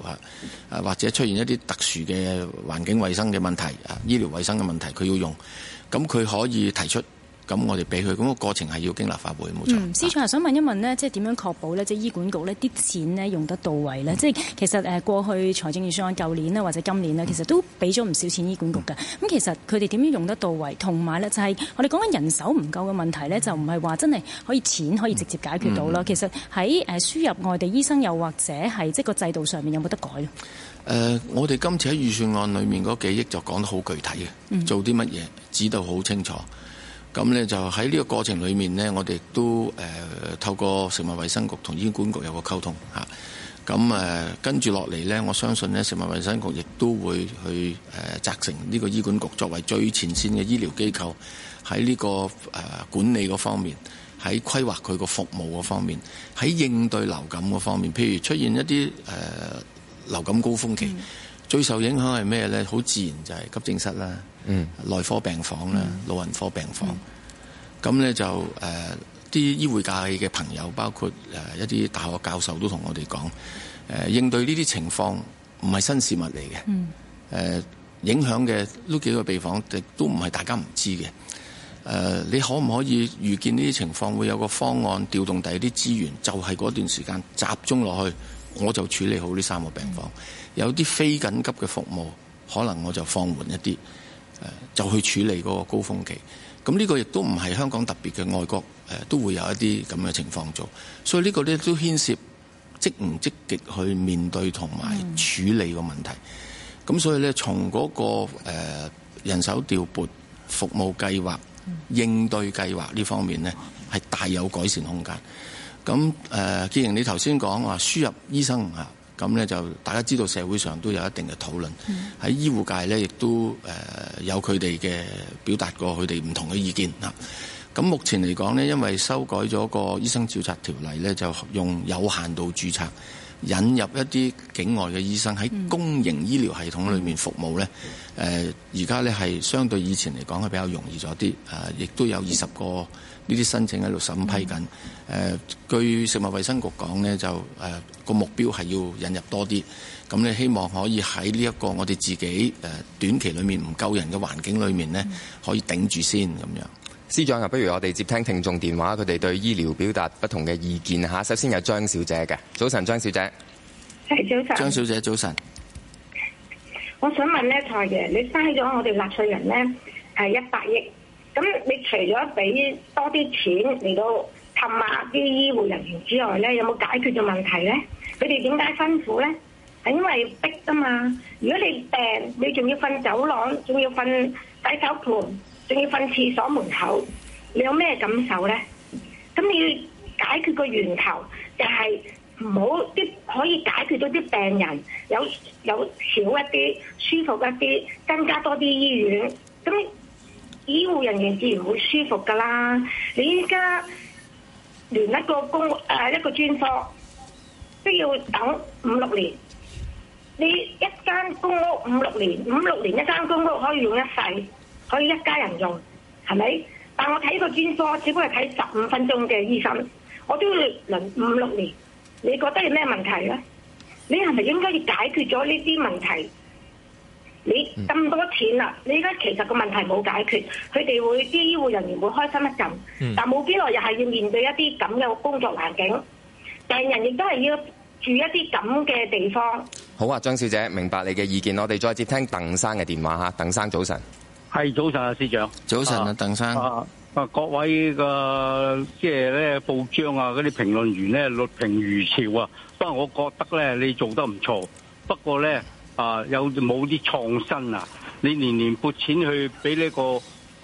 嚇，或者出現一啲特殊嘅環境衞生嘅問題、醫療衞生嘅問題，佢要用。咁佢可以提出，咁我哋俾佢，咁、那個過程係要經立法會冇錯。嗯，司長想問一問呢，即係點樣確保呢？即係醫管局呢啲錢呢，用得到位呢？嗯、即係其實誒過去財政預算案舊年呢，或者今年呢，其實都俾咗唔少錢醫管局㗎。咁、嗯、其實佢哋點樣用得到位？同埋呢，就係、是、我哋講緊人手唔夠嘅問題呢，就唔係話真係可以錢可以直接解決到咯。嗯、其實喺誒輸入外地醫生又或者係即係個制度上面有冇得改？誒、呃，我哋今次喺預算案裏面嗰幾億就講得好具體嘅、嗯，做啲乜嘢指得好清楚。咁呢就喺呢個過程裏面呢，我哋都、呃、透過食物衞生局同醫管局有個溝通吓。咁、啊啊、跟住落嚟呢，我相信呢食物衞生局亦都會去誒、呃、責成呢個醫管局作為最前線嘅醫療機構喺呢、這個、呃、管理嗰方面，喺規劃佢個服務嗰方面，喺應對流感嗰方面，譬如出現一啲流感高峰期、嗯、最受影響係咩呢？好自然就係急症室啦、嗯、內科病房啦、嗯、老人科病房。咁、嗯、呢，那就誒啲、呃、醫護界嘅朋友，包括誒一啲大學教授都同我哋講，誒、呃、應對呢啲情況唔係新事物嚟嘅。誒、嗯呃、影響嘅呢幾個病房亦都唔係大家唔知嘅。誒、呃、你可唔可以預見呢啲情況會有個方案調動第二啲資源？就係、是、嗰段時間集中落去。我就處理好呢三個病房，嗯、有啲非緊急嘅服務，可能我就放緩一啲、呃，就去處理嗰個高峰期。咁呢個亦都唔係香港特別嘅，外國、呃、都會有一啲咁嘅情況做。所以呢個呢，都牽涉積唔積極去面對同埋處理個問題。咁、嗯、所以呢，從嗰、嗰個、呃、人手調撥服務計劃應對計劃呢方面呢，係大有改善空間。咁誒、呃，既然你頭先講話輸入醫生，咁呢，就大家知道社會上都有一定嘅討論，喺、嗯、醫護界呢，亦都誒有佢哋嘅表達過佢哋唔同嘅意見。咁目前嚟講呢，因為修改咗個醫生註冊條例呢，就用有限度註冊引入一啲境外嘅醫生喺公營醫療系統裏面服務呢，誒而家呢，係相對以前嚟講係比較容易咗啲，誒亦都有二十個。呢啲申請喺度審批緊。誒、呃，據食物衛生局講呢就誒個、呃、目標係要引入多啲。咁你希望可以喺呢一個我哋自己誒短期裏面唔夠人嘅環境裏面呢，嗯、可以頂住先咁樣。司長啊，不如我哋接聽聽眾電話，佢哋對醫療表達不同嘅意見嚇。首先有張小姐嘅，早晨，張小姐。係早晨。張小姐早晨。我想問呢，財爺，你嘥咗我哋納稅人呢係一百億。咁你除咗俾多啲錢嚟到氹下啲醫護人員之外咧，有冇解決嘅問題咧？佢哋點解辛苦咧？係因為逼㗎嘛！如果你病，你仲要瞓走廊，仲要瞓洗手盆，仲要瞓廁所門口，你有咩感受咧？咁你要解決個源頭，就係唔好啲可以解決到啲病人有有少一啲舒服一啲，增加多啲醫院咁，醫護人員自然會舒服噶啦。你依家連一個公誒，一個專科都要等五六年，你一間公屋五六年，五六年一間公屋可以用一世，可以一家人用，係咪？但我睇個專科，只不過係睇十五分鐘嘅醫生，我都要輪五六年。你覺得係咩問題呢？你係咪應該要解決咗呢啲問題？你咁多錢啦！你而家其實個問題冇解決，佢哋會啲醫護人員會開心一陣，嗯、但冇幾耐又係要面對一啲咁嘅工作環境，病人亦都係要住一啲咁嘅地方。好啊，張小姐，明白你嘅意見，我哋再接聽鄧生嘅電話嚇。鄧生早晨，係早晨啊，司長，早晨啊，鄧、啊、生啊，啊，各位嘅即係咧報章啊，嗰啲評論員咧，劣評如潮啊，不過我覺得咧，你做得唔錯，不過咧。啊！有冇啲創新啊？你年年撥錢去俾呢、這個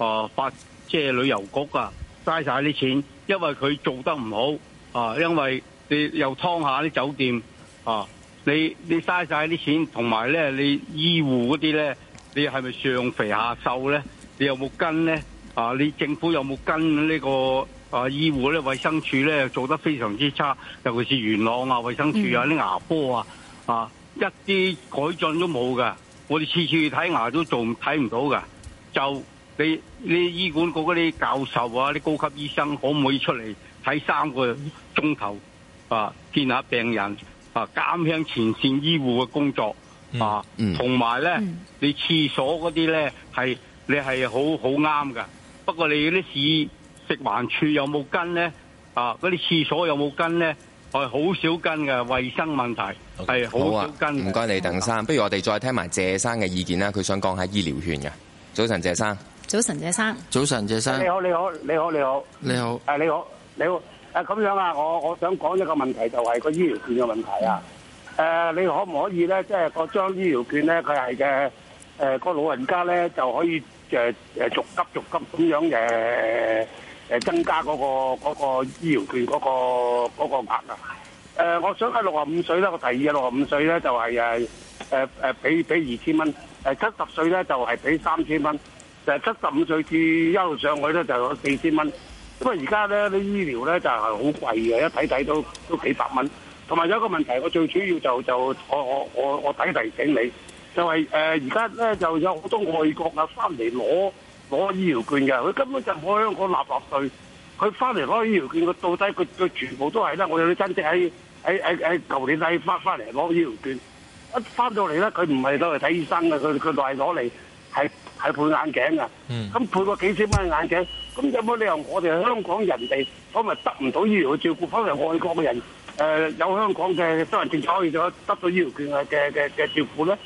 啊法，即係、就是、旅遊局啊，嘥晒啲錢，因為佢做得唔好啊！因為你又劏下啲酒店啊，你你嘥晒啲錢，同埋咧你醫護嗰啲咧，你係咪上肥下瘦咧？你有冇跟咧？啊！你政府有冇跟呢、這個啊醫護咧？衛生署咧做得非常之差，尤其是元朗啊，衛生署啊、啲牙科啊啊！啊一啲改進都冇噶，我哋次次去睇牙都仲睇唔到噶，就你你醫管局嗰啲教授啊，啲高級醫生可唔可以出嚟睇三個鐘頭啊？見下病人啊，減輕前線醫護嘅工作啊，同埋咧，你廁所嗰啲咧係你係好好啱噶。不過你啲市食環處有冇跟咧啊？嗰啲廁所有冇跟咧？我係好少跟嘅衛生問題係好、okay. 少跟。唔該、啊、你鄧生，不如我哋再聽埋謝生嘅意見啦。佢想講下醫療券嘅。早晨謝生。早晨謝生。早晨謝生。你好你好你好你好你好。誒你好你好誒咁、啊、樣啊，我我想講一個問題就係、是、個醫療券嘅問題啊。誒、啊，你可唔可以咧，即係嗰張醫療券咧，佢係嘅誒個老人家咧就可以誒誒、呃、逐急逐急咁樣嘅。呃誒增加嗰個嗰個醫療券嗰個嗰個額啊！誒，我想喺六十五歲咧，我提議六十五歲咧就係誒誒誒，俾俾二千蚊；誒七十歲咧就係俾三千蚊；就係七十五歲至一路上去咧就四千蚊。不過，而家咧啲醫療咧就係好貴嘅，一睇睇都都幾百蚊。同埋有一個問題，我最主要就就我我我我提提醒你，就係誒而家咧就有好多外國啊翻嚟攞。攞醫療券嘅，佢根本就冇香港納稅，佢翻嚟攞醫療券，佢到底佢佢全部都係咧，我哋啲親戚喺喺喺喺舊年係翻翻嚟攞醫療券，一翻到嚟咧，佢唔係攞嚟睇醫生嘅，佢佢係攞嚟係係配眼鏡嘅，咁配過幾千蚊嘅眼鏡，咁有冇理由我哋香港人哋，反而得唔到醫療嘅照顧，反而外國嘅人誒有香港嘅多人仲可以就得到醫療券嘅嘅嘅照顧咧？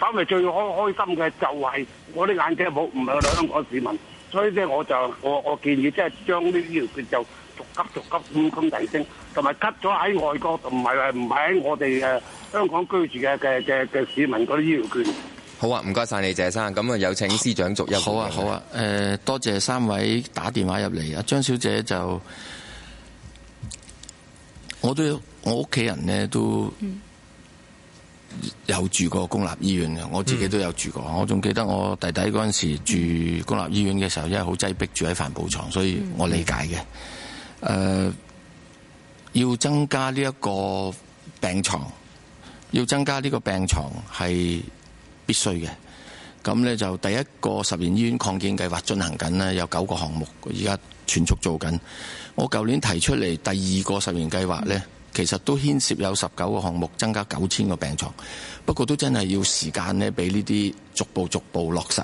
反而最開開心嘅就係我啲眼鏡冇，唔係我哋香港市民，所以即係我就我我建議即係將啲醫療券就逐級逐級咁咁提升，同埋 cut 咗喺外國同唔係唔係喺我哋誒香港居住嘅嘅嘅嘅市民嗰啲醫療券。好啊，唔該晒你謝生，咁啊有請司長續一。好啊好啊，誒、呃、多謝三位打電話入嚟啊，張小姐就我都我屋企人咧都。有住過公立醫院嘅，我自己都有住過。嗯、我仲記得我弟弟嗰陣時住公立醫院嘅時候，因為好擠迫，住喺帆布床，所以我理解嘅。誒、嗯呃，要增加呢一個病床，要增加呢個病床係必須嘅。咁呢就第一個十年醫院擴建計劃進行緊呢有九個項目，而家全速做緊。我舊年提出嚟第二個十年計劃呢。嗯其實都牽涉有十九個項目，增加九千個病床。不過都真係要時間呢，俾呢啲逐步逐步落實。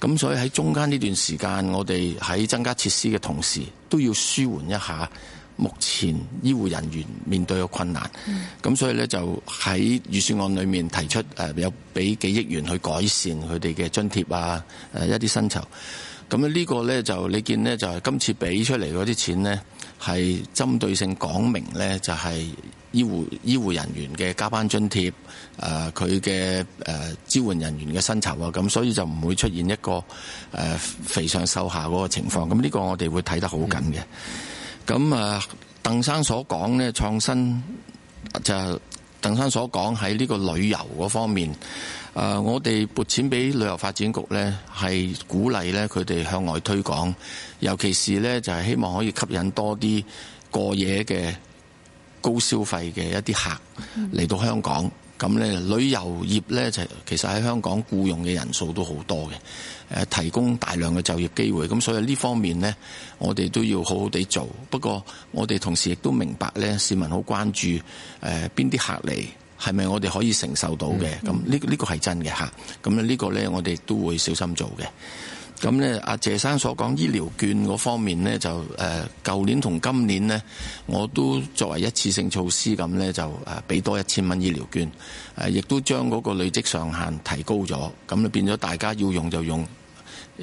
咁所以喺中間呢段時間，我哋喺增加設施嘅同時，都要舒緩一下目前醫護人員面對嘅困難。咁所以呢，就喺預算案裏面提出誒，有俾幾億元去改善佢哋嘅津貼啊，誒一啲薪酬。咁呢個呢，就你見呢，就係今次俾出嚟嗰啲錢呢，係針對性講明呢，就係醫護醫護人員嘅加班津貼，誒佢嘅誒支援人員嘅薪酬啊，咁所以就唔會出現一個誒肥上瘦下嗰個情況。咁呢個我哋會睇得好緊嘅。咁啊、呃，鄧生所講呢，創新就鄧生所講喺呢個旅遊嗰方面。誒，我哋撥錢俾旅遊發展局呢，係鼓勵呢佢哋向外推廣，尤其是呢，就係希望可以吸引多啲過夜嘅高消費嘅一啲客嚟到香港。咁、嗯、呢旅遊業呢，就其實喺香港僱用嘅人數都好多嘅，提供大量嘅就業機會。咁所以呢方面呢，我哋都要好好地做。不過我哋同時亦都明白呢，市民好關注誒邊啲客嚟。係咪我哋可以承受到嘅？咁呢，呢個係真嘅嚇。咁呢個呢，我哋都會小心做嘅。咁呢，阿謝生所講醫療券嗰方面呢，就誒舊年同今年呢，我都作為一次性措施，咁呢，就誒俾多一千蚊醫療券，誒亦都將嗰個累積上限提高咗。咁就變咗大家要用就用。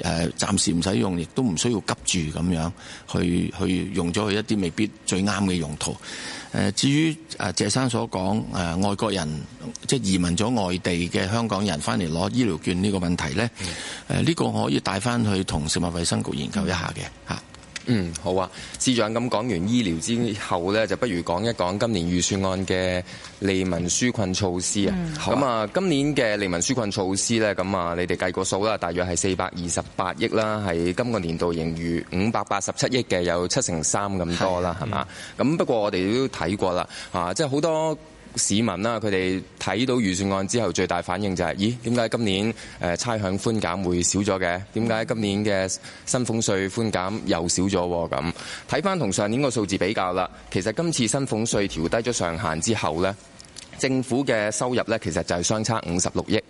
誒暫時唔使用，用，亦都唔需要急住咁樣去去用咗佢一啲未必最啱嘅用途。誒至於誒謝生所講誒外國人即移民咗外地嘅香港人翻嚟攞醫療券呢個問題呢，誒、嗯、呢、呢個可以帶翻去同食物衛生局研究一下嘅吓、嗯嗯，好啊，司長。咁講完醫療之後呢，就不如講一講今年預算案嘅利民紓困措施、嗯、好啊。咁啊，今年嘅利民紓困措施呢，咁啊，你哋計過數啦，大約係四百二十八億啦，喺今個年度盈餘五百八十七億嘅，有七成三咁多啦，係嘛？咁、嗯、不過我哋都睇過啦、啊，即係好多。市民啦，佢哋睇到預算案之後，最大反應就係、是：咦，點解今年誒差餉寬減會少咗嘅？點解今年嘅薪俸稅寬減又少咗咁？睇翻同上年個數字比較啦，其實今次薪俸稅調低咗上限之後呢，政府嘅收入呢，其實就係相差五十六億。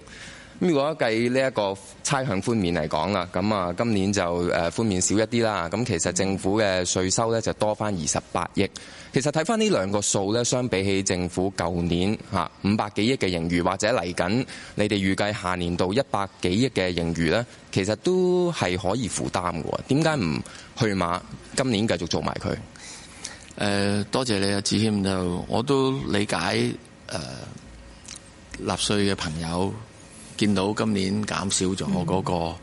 如果計呢一個差餉寬免嚟講啦，咁啊今年就誒寬免少一啲啦。咁其實政府嘅稅收咧就多翻二十八億。其實睇翻呢兩個數咧，相比起政府舊年嚇五百幾億嘅盈餘，或者嚟緊你哋預計下年度一百幾億嘅盈餘咧，其實都係可以負擔嘅。點解唔去馬今年繼續做埋佢？誒、呃，多謝你啊，子謙。就我都理解誒、呃、納稅嘅朋友，見到今年減少咗我嗰個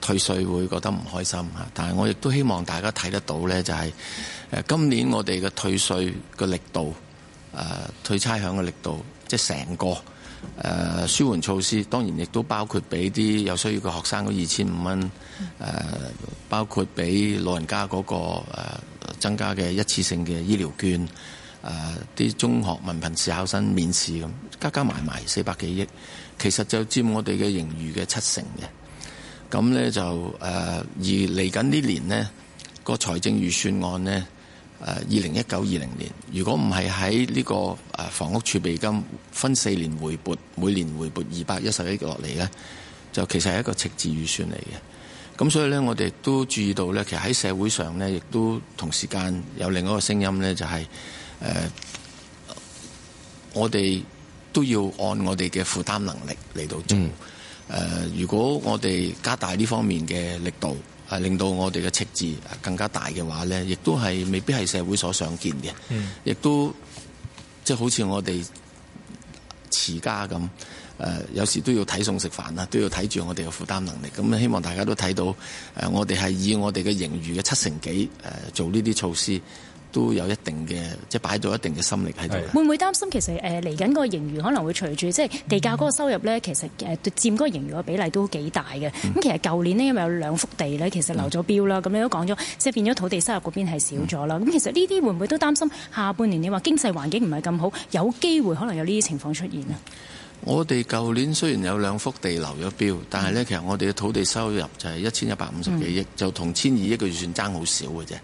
退稅，會覺得唔開心、嗯、但係我亦都希望大家睇得到呢就係、是、今年我哋嘅退稅嘅力度，誒、呃、退差餉嘅力度，即係成個誒、呃、舒緩措施。當然亦都包括俾啲有需要嘅學生嗰二千五蚊，誒、呃、包括俾老人家嗰、那個、呃、增加嘅一次性嘅醫療券，誒、呃、啲中學文憑試考生面試咁加加埋埋四百幾億。其實就佔我哋嘅盈餘嘅七成嘅，咁呢就誒而嚟緊呢年呢個財政預算案呢，誒二零一九二零年，如果唔係喺呢個房屋儲備金分四年回撥，每年回撥二百一十億落嚟呢，就其實係一個赤字預算嚟嘅。咁所以呢，我哋都注意到呢，其實喺社會上呢，亦都同時間有另一個聲音呢，就係、是、誒、呃、我哋。都要按我哋嘅負擔能力嚟到做。誒、嗯呃，如果我哋加大呢方面嘅力度，誒令到我哋嘅赤字更加大嘅話，呢亦都係未必係社會所想見嘅。亦、嗯、都即係、就是、好似我哋持家咁，誒、呃、有時都要睇餸食飯啦，都要睇住我哋嘅負擔能力。咁、嗯、希望大家都睇到，誒、呃、我哋係以我哋嘅盈餘嘅七成幾誒、呃、做呢啲措施。都有一定嘅，即係擺到一定嘅心力喺度。會唔會擔心其實誒嚟緊嗰個盈餘可能會隨住即係地價嗰個收入咧，嗯、其實誒佔嗰個盈餘嘅比例都幾大嘅。咁、嗯、其實舊年呢，因為有兩幅地咧，其實流咗標啦，咁、嗯、你都講咗，即係變咗土地收入嗰邊係少咗啦。咁、嗯、其實呢啲會唔會都擔心下半年你話經濟環境唔係咁好，有機會可能有呢啲情況出現啊？嗯我哋舊年雖然有兩幅地流咗標，但係呢，其實我哋嘅土地收入就係一千一百五十幾億、嗯，就同千二億嘅預算爭好少嘅啫。咁、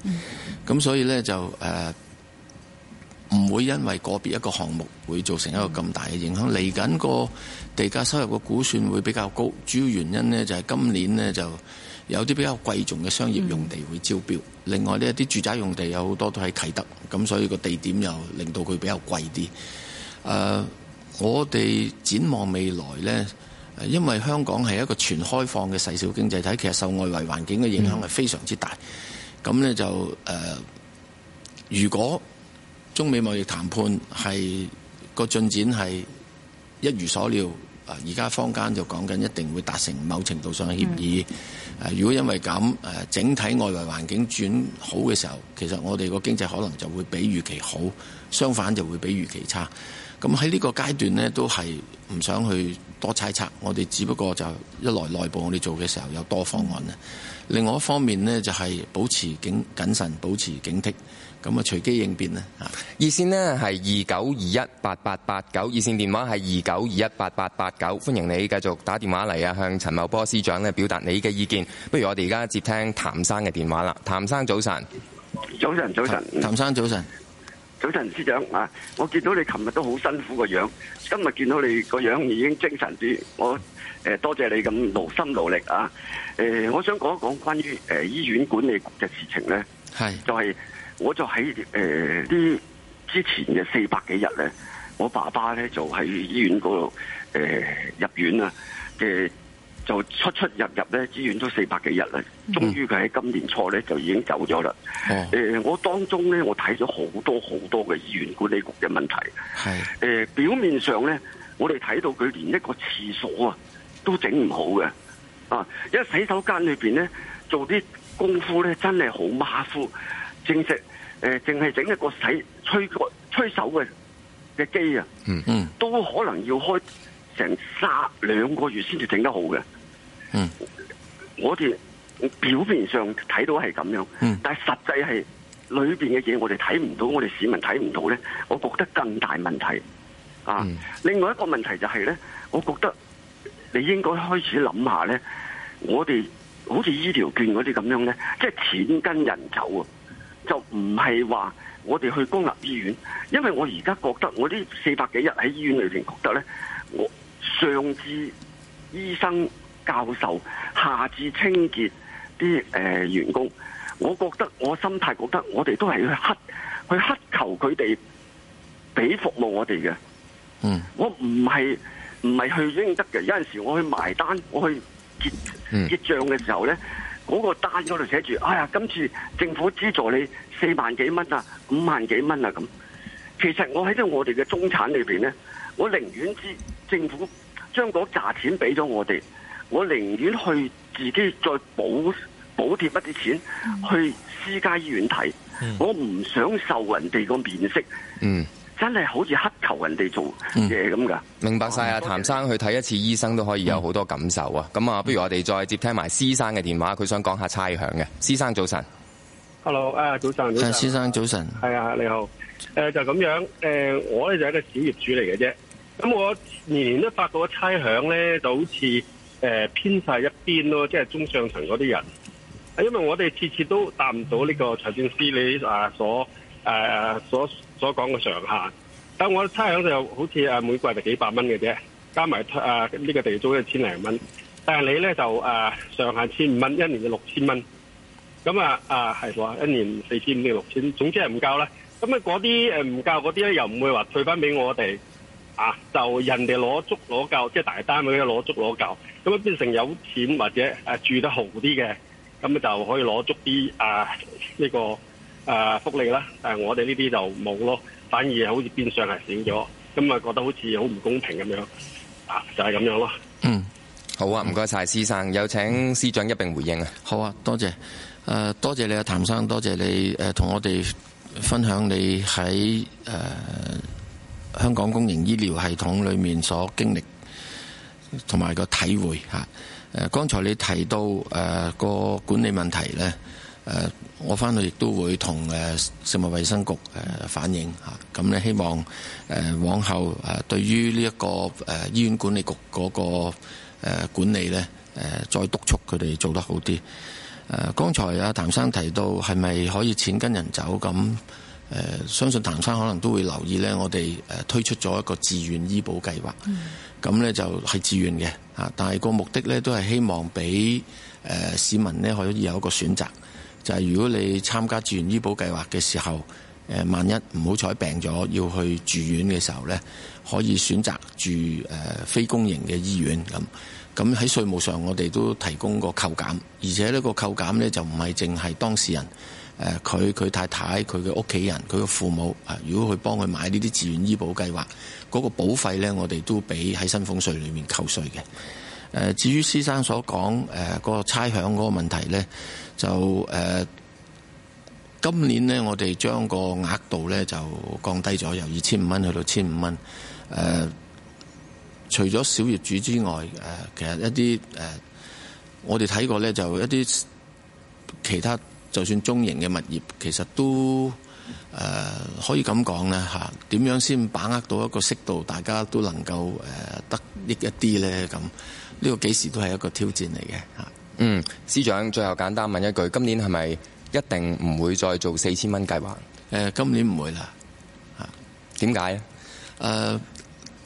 嗯、所以呢，就誒唔、呃、會因為個別一個項目會造成一個咁大嘅影響。嚟緊個地價收入嘅估算會比較高，主要原因呢就係、是、今年呢就有啲比較貴重嘅商業用地會招標，嗯、另外呢，一啲住宅用地有好多都係啟德，咁所以個地點又令到佢比較貴啲。呃我哋展望未來呢，因為香港係一個全開放嘅細小經濟體，其實受外圍環境嘅影響係非常之大。咁、嗯、呢，就誒、呃，如果中美貿易談判係、這個進展係一如所料，而、呃、家坊間就講緊一定會達成某程度上嘅協議、嗯。如果因為咁、呃、整體外圍環境轉好嘅時候，其實我哋個經濟可能就會比預期好，相反就會比預期差。咁喺呢個階段呢，都係唔想去多猜測。我哋只不過就一來內部我哋做嘅時候有多方案。另外一方面呢，就係、是、保持警謹慎，保持警惕。咁啊，隨機應變咧。熱線呢係二九二一八八八九，熱線電話係二九二一八八八九，歡迎你繼續打電話嚟啊，向陳茂波司長呢表達你嘅意見。不如我哋而家接聽譚生嘅電話啦。譚生早晨，早晨早晨，譚，譚生早晨。早晨，司長啊！我見到你琴日都好辛苦個樣，今日見到你個樣已經精神啲，我誒、呃、多謝你咁勞心勞力啊！誒、呃，我想講一講關於誒、呃、醫院管理局嘅事情咧，係就係、是、我就喺誒啲之前嘅四百幾日咧，我爸爸咧就喺醫院嗰度誒入院啊嘅。就出出入入咧，支援咗四百幾日啦，終於佢喺今年初咧就已經走咗啦、嗯呃。我當中咧，我睇咗好多好多嘅醫院管理局嘅問題、呃。表面上咧，我哋睇到佢連一個廁所啊都整唔好嘅啊，因為洗手間裏邊咧做啲功夫咧真係好馬虎，正式誒淨係整一個洗吹個吹，吹手嘅嘅機啊，嗯嗯，都可能要開成三兩個月先至整得好嘅。嗯，我哋表面上睇到係咁樣，嗯、但係實際係裏邊嘅嘢，我哋睇唔到，我哋市民睇唔到咧。我覺得更大問題啊、嗯！另外一個問題就係、係、咧，我覺得你應該開始諗下咧，我哋好似醫療券嗰啲咁樣咧，即、就、係、係、錢跟人走啊，就唔係話我哋去公立醫院，因為我而家覺得我呢四百幾日喺醫院裏邊覺得咧，我上至醫生。教授、下至清潔啲誒、呃呃、員工，我覺得我心態覺得我哋都係去乞去乞求佢哋俾服務我哋嘅。嗯，我唔係唔係去應得嘅。有陣時我去埋單，我去結、嗯、結帳嘅時候咧，嗰、嗰個單嗰度寫住，哎呀，今次政府資助你四萬幾蚊啊，五萬幾蚊啊咁。其實我喺度，我哋嘅中產裏邊咧，我寧願資政府將嗰紮錢俾咗我哋。我寧願去自己再補補貼一啲錢、嗯、去私家醫院睇、嗯，我唔想受人哋個面色，嗯、真係好似乞求人哋做嘢咁噶。明白晒啊，譚生去睇一次醫生都可以有好多感受啊！咁、嗯、啊，不如我哋再接聽埋師生嘅電話，佢想講下差餉嘅師、嗯、生早晨。Hello，誒早晨早晨。先生、啊、早晨，係啊，你好。誒、呃、就咁、是、樣，誒、呃、我咧就係、一個小業主嚟嘅啫。咁我年年都發覺個差餉咧，就好似～誒偏晒一邊咯，即係中上層嗰啲人，係因為我哋次次都達唔到呢、這個財政司你啊所誒、呃、所、呃、所、所講嘅上限，但我差想就好似誒每季就幾百蚊嘅啫，加埋誒呢個地租一千零蚊，但係你咧就誒、呃、上限千五蚊，一年就六千蚊，咁啊啊係話一年四千五定六千，總之係唔夠啦。咁啊嗰啲誒唔夠嗰啲咧，又唔會話退翻俾我哋。啊！就人哋攞足攞夠，即係大單位攞足攞夠，咁啊變成有錢或者、啊、住得豪啲嘅，咁就可以攞足啲啊呢、呢個啊福利啦、啊。我哋呢啲就冇咯，反而好似變相係少咗，咁啊覺得好似好唔公平咁樣啊，就係、係、咁樣咯。嗯，好啊，唔該晒師生，嗯、有請司長一並回應啊。好啊，多謝誒、呃，多謝你啊，譚生，多謝你同、呃、我哋分享你喺誒。呃香港公營醫療系統裏面所經歷同埋個體會嚇，誒剛才你提到誒個管理問題呢，誒我翻去亦都會同誒食物衞生局誒反映嚇，咁咧希望誒往後誒對於呢一個誒醫院管理局嗰個誒管理呢，誒再督促佢哋做得好啲。誒剛才阿譚生提到係咪可以錢跟人走咁？相信譚生可能都會留意呢。我哋推出咗一個自願醫保計劃，咁、嗯、呢就係自願嘅啊！但係個目的呢，都係希望俾市民呢可以有一個選擇，就係、是、如果你參加自願醫保計劃嘅時候，誒萬一唔好彩病咗要去住院嘅時候呢，可以選擇住非公營嘅醫院咁。咁喺稅務上，我哋都提供個扣減，而且呢個扣減呢，就唔係淨係當事人。誒佢，佢太太，佢嘅屋企人，佢嘅父母啊，如果去幫佢買呢啲自願醫保計劃，嗰，那個保費呢，我哋都俾喺薪俸稅裏面扣稅嘅。誒、呃，至於先生所講誒嗰個差餉嗰個問題咧，就誒、呃、今年呢，我哋將個額度呢就降低咗，由二千五蚊去到千五蚊。誒、呃，除咗小業主之外，誒、呃、其實一啲誒、呃、我哋睇過呢，就一啲其他。就算中型嘅物業，其實都誒、呃、可以咁講啦嚇。點樣先把握到一個適度，大家都能夠誒、呃、得益一啲呢？咁呢、這個幾時都係一個挑戰嚟嘅嚇。嗯，司長最後簡單問一句：今年係咪一定唔會再做四千蚊計劃？誒、呃，今年唔會啦嚇。點解啊？誒、呃，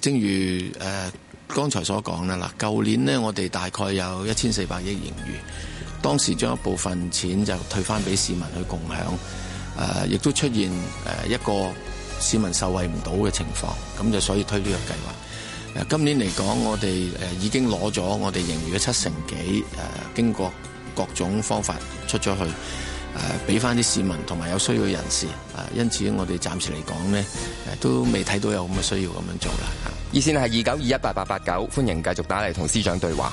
正如誒、呃、剛才所講啦嗱，舊年呢我哋大概有一千四百億盈餘。當時將一部分錢就退翻俾市民去共享，誒，亦都出現誒一個市民受惠唔到嘅情況，咁就所以就推呢個計劃。誒，今年嚟講，我哋誒已經攞咗我哋盈餘嘅七成幾，誒，經過各種方法出咗去，誒，俾翻啲市民同埋有需要嘅人士，啊，因此我哋暫時嚟講呢誒，都未睇到有咁嘅需要咁樣做啦。意思係二九二一八八八九，歡迎繼續打嚟同司長對話。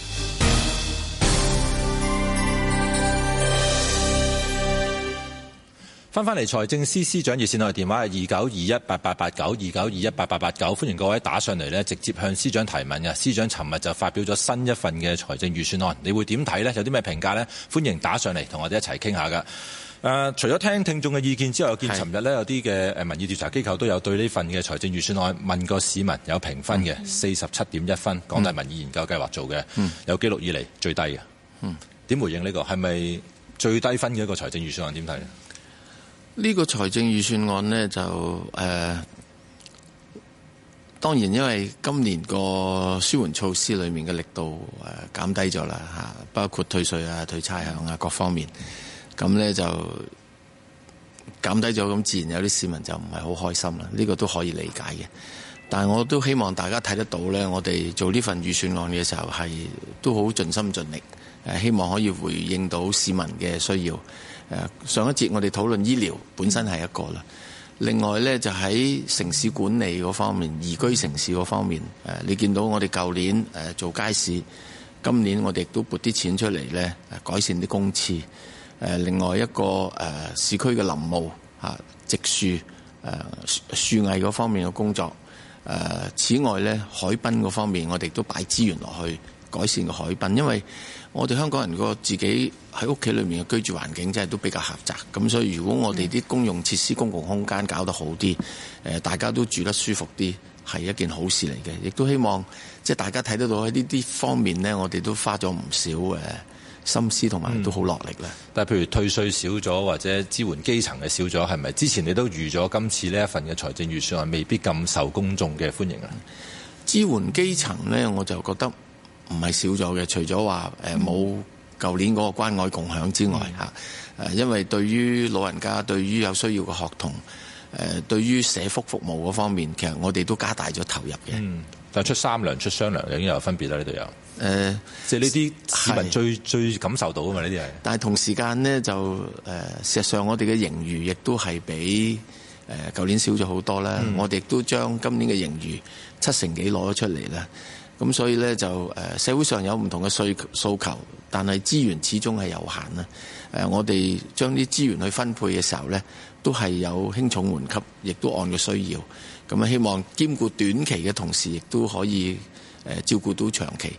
翻翻嚟，財政司司長熱線內電話係二九二一八八八九，二九二一八八八九。歡迎各位打上嚟咧，直接向司長提問嘅。司長尋日就發表咗新一份嘅財政預算案，你會點睇呢？有啲咩評價呢？歡迎打上嚟，同我哋一齊傾下㗎。誒、呃，除咗聽聽眾嘅意見之外，我見尋日呢有啲嘅民意調查機構都有對呢份嘅財政預算案問過市民，有評分嘅四十七點一分，港大民意研究計劃做嘅，有紀錄以嚟最低嘅。點回應呢個？係咪最低分嘅一個財政預算案？點睇？呢、這個財政預算案呢，就誒、呃，當然因為今年個紓緩措施裏面嘅力度誒、呃、減低咗啦吓，包括退稅啊、退差餉啊各方面，咁呢，就減低咗，咁自然有啲市民就唔係好開心啦。呢、這個都可以理解嘅，但係我都希望大家睇得到呢，我哋做呢份預算案嘅時候係都好盡心盡力，希望可以回應到市民嘅需要。上一節我哋討論醫療本身係一個啦，另外呢，就喺城市管理嗰方面、宜居城市嗰方面，誒你見到我哋舊年、呃、做街市，今年我哋都撥啲錢出嚟呢，改善啲公廁。誒、呃、另外一個誒、呃、市區嘅林務嚇、呃、植樹誒樹、呃、藝嗰方面嘅工作。誒、呃、此外呢，海濱嗰方面，我哋都擺資源落去改善個海濱，因為。我哋香港人個自己喺屋企裏面嘅居住環境，真係都比較狹窄，咁所以如果我哋啲公用設施、公共空間搞得好啲，誒大家都住得舒服啲，係一件好事嚟嘅。亦都希望即係大家睇得到喺呢啲方面咧，我哋都花咗唔少誒心思同埋都好落力啦、嗯，但係譬如退稅少咗，或者支援基層嘅少咗，係咪之前你都預咗今次呢一份嘅財政預算係未必咁受公眾嘅歡迎啊、嗯？支援基層咧，我就覺得。唔係少咗嘅，除咗話誒冇舊年嗰個關愛共享之外，嗯，因為對於老人家、對於有需要嘅學童、對於社福服務嗰方面，其實我哋都加大咗投入嘅。嗯，但出三糧出雙糧已經有分別啦，呢度有。誒，即係呢啲市民最最感受到啊嘛，呢啲係。但係同時間呢，就誒，事實上我哋嘅盈餘亦都係比誒舊、呃、年少咗好多啦、嗯。我哋亦都將今年嘅盈餘七成幾攞咗出嚟啦。咁所以咧就誒社會上有唔同嘅需訴求，但係資源始終係有限啦。誒，我哋將啲資源去分配嘅時候咧，都係有輕重緩急，亦都按嘅需要。咁啊，希望兼顧短期嘅同時，亦都可以誒照顧到長期。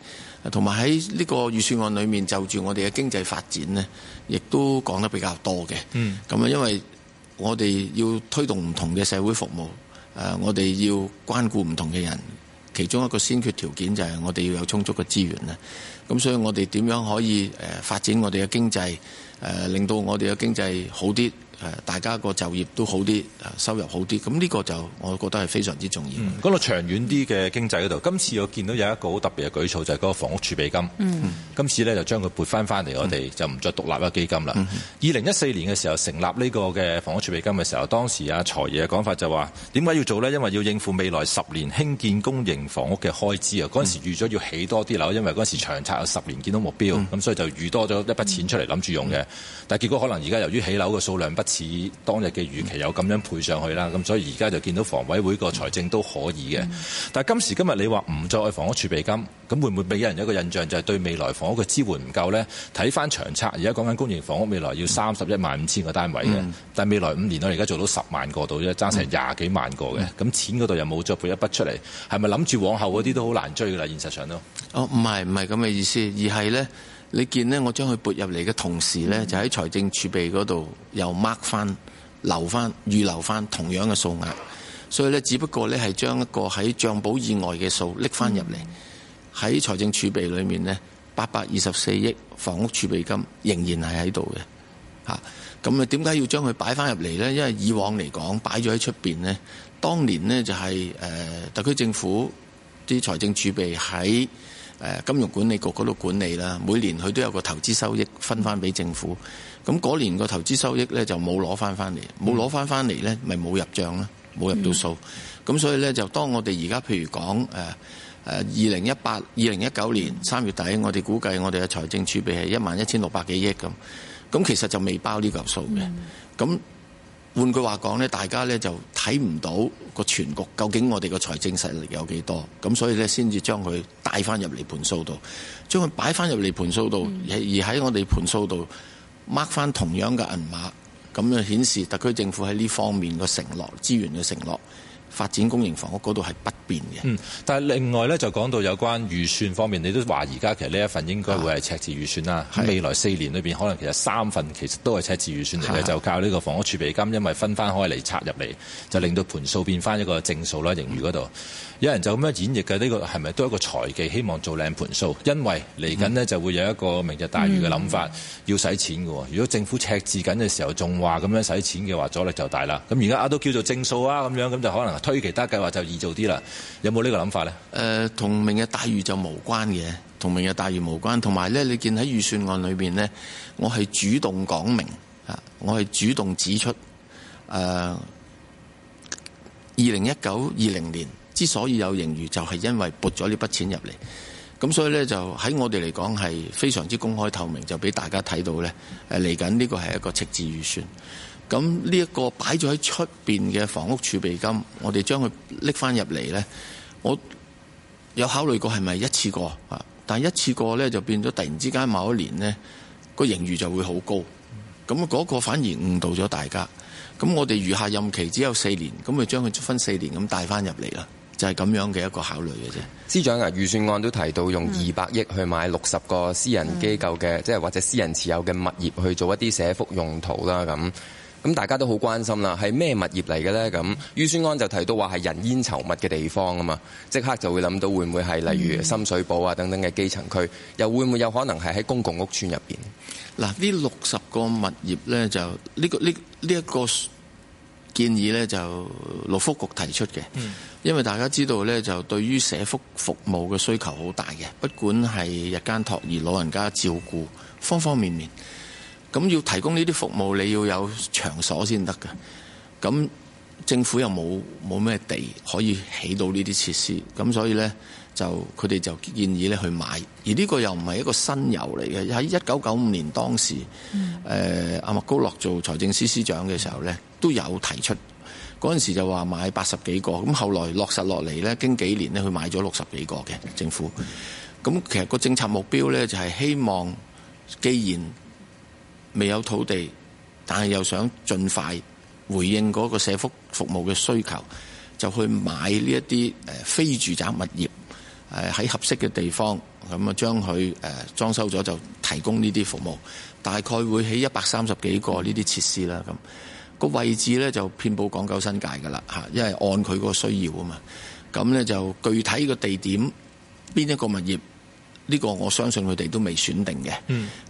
同埋喺呢個預算案裏面，就住我哋嘅經濟發展咧，亦都講得比較多嘅。嗯。咁啊，因為我哋要推動唔同嘅社會服務，誒，我哋要關顧唔同嘅人。其中一個先決條件就係我哋要有充足嘅資源啦，咁所以我哋點樣可以誒發展我哋嘅經濟誒，令到我哋嘅經濟好啲。大家個就業都好啲，收入好啲，咁呢個就我覺得係非常之重要。講、嗯、到長遠啲嘅經濟嗰度，今次我見到有一個好特別嘅舉措，就係、是、嗰個房屋儲備金。嗯，今次呢，就將佢撥翻翻嚟，我、嗯、哋就唔再獨立一個基金啦。二零一四年嘅時候成立呢個嘅房屋儲備金嘅時候，當時阿財爺嘅講法就話，點解要做呢？因為要應付未來十年興建公營房屋嘅開支啊。嗰、嗯、陣時預咗要起多啲樓，因為嗰時時長策有十年見到目標，咁、嗯、所以就預多咗一筆錢出嚟諗住用嘅、嗯嗯。但結果可能而家由於起樓嘅數量不，似當日嘅預期有咁樣配上去啦，咁所以而家就見到房委會個財政都可以嘅。但係今時今日你話唔再愛房屋儲備金，咁會唔會俾人一個印象就係對未來房屋嘅支援唔夠呢？睇翻長策，而家講緊公營房屋未來要三十一萬五千個單位嘅，嗯，但未來五年我哋而家做到十萬個度啫，爭成廿幾萬個嘅，咁錢嗰度又冇再撥一筆出嚟，係咪諗住往後嗰啲都好難追噶啦？現實上都哦，唔係唔係咁嘅意思，而係呢。你見呢，我將佢撥入嚟嘅同時呢，就喺財政儲備嗰度又掹翻留翻預留翻同樣嘅數額，所以呢，只不過呢係將一個喺帳簿以外嘅數拎翻入嚟喺財政儲備裏面呢，八百二十四億房屋儲備金仍然係喺度嘅嚇。咁啊，點解要將佢擺翻入嚟呢？因為以往嚟講擺咗喺出邊呢，當年呢就係、是呃、特區政府啲財政儲備喺。誒金融管理局嗰度管理啦，每年佢都有個投資收益分翻俾政府，咁嗰年個投資收益呢，就冇攞翻翻嚟，冇攞翻翻嚟呢，咪冇入帳啦，冇、嗯、入到數，咁所以呢，就當我哋而家譬如講誒誒二零一八二零一九年三月底，嗯、我哋估計我哋嘅財政儲備係一萬一千六百幾億咁，咁其實就未包呢個數嘅，咁。換句話講咧，大家咧就睇唔到個全局，究竟我哋個財政實力有幾多？咁所以咧，先至將佢帶翻入嚟盤數度，將佢擺翻入嚟盤數度，而喺我哋盤數度掹翻同樣嘅銀碼，咁樣顯示特區政府喺呢方面嘅承諾、資源嘅承諾。發展公營房屋嗰度係不變嘅。嗯，但係另外呢，就講到有關預算方面，你都話而家其實呢一份應該會係赤字預算啦。喺未來四年裏面，可能其實三份其實都係赤字預算嚟嘅，就靠呢個房屋儲備金，因為分翻開嚟拆入嚟，就令到盤數變翻一個正數啦，盈餘嗰度、嗯。有人就咁樣演繹嘅呢、呢個係咪都係一個財技，希望做靚盤數，因為嚟緊呢、嗯，就會有一個明日大雨嘅諗法，嗯、要使錢嘅喎。如果政府赤字緊嘅時候仲話咁樣使錢嘅話，阻力就大啦。咁而家啊都叫做正數啊咁樣，咁就可能。推其他計劃就易做啲啦，有冇呢個諗法呢？同、呃、明日大嶼就無關嘅，同明日大嶼無關。同埋呢，你見喺預算案裏面呢，我係主動講明啊，我係主動指出誒，二零一九二零年之所以有盈餘，就係因為撥咗呢筆錢入嚟。咁所以呢，就喺我哋嚟講係非常之公開透明，就俾大家睇到呢。誒，嚟緊呢個係一個赤字預算。咁呢一個擺咗喺出邊嘅房屋儲備金，我哋將佢拎翻入嚟呢，我有考慮過係咪一次過啊？但係一次過呢就變咗突然之間某一年呢個盈餘就會好高，咁、那、嗰個反而誤導咗大家。咁我哋餘下任期只有四年，咁咪將佢分四年咁帶翻入嚟啦，就係、是、咁樣嘅一個考慮嘅啫。司長啊，預算案都提到用二百億去買六十個私人機構嘅，即、嗯、係或者私人持有嘅物業去做一啲社福用途啦，咁。咁大家都好關心啦，係咩物業嚟嘅呢？咁於宣安就提到話係人煙稠密嘅地方啊嘛，即刻就會諗到會唔會係例如深水埗啊等等嘅基層區，又會唔會有可能係喺公共屋邨入面？嗱，呢六十個物業呢，就呢、這個呢呢一個建議呢，就勞福局提出嘅，嗯，因為大家知道呢，就對於社福服，服務嘅需求好大嘅，不管係日間托兒、老人家照顧，方方面面。咁要提供呢啲服務，你要有場所先得嘅。咁政府又冇冇咩地可以起到呢啲設施，咁所以呢，就佢哋就建議呢去買。而呢個又唔係一個新遊嚟嘅，喺一九九五年當時，阿、嗯、麥、呃、高樂做財政司司長嘅時候呢，都有提出。嗰陣時就話買八十幾個，咁後來落實落嚟呢，經幾年呢佢買咗六十幾個嘅政府。咁其實個政策目標呢，就係、是、希望，既然未有土地，但係又想盡快回應嗰個社福服、服務嘅需求，就去買呢一啲誒非住宅物業誒喺合適嘅地方，咁啊將佢誒裝修咗就提供呢啲服務，大概會起一百三十幾個呢啲設施啦，咁個位置咧就遍布港九新界㗎啦，吓，因為按佢嗰個需要啊嘛。咁咧就具體個地點邊一個物業，呢、這個我相信佢哋都未選定嘅，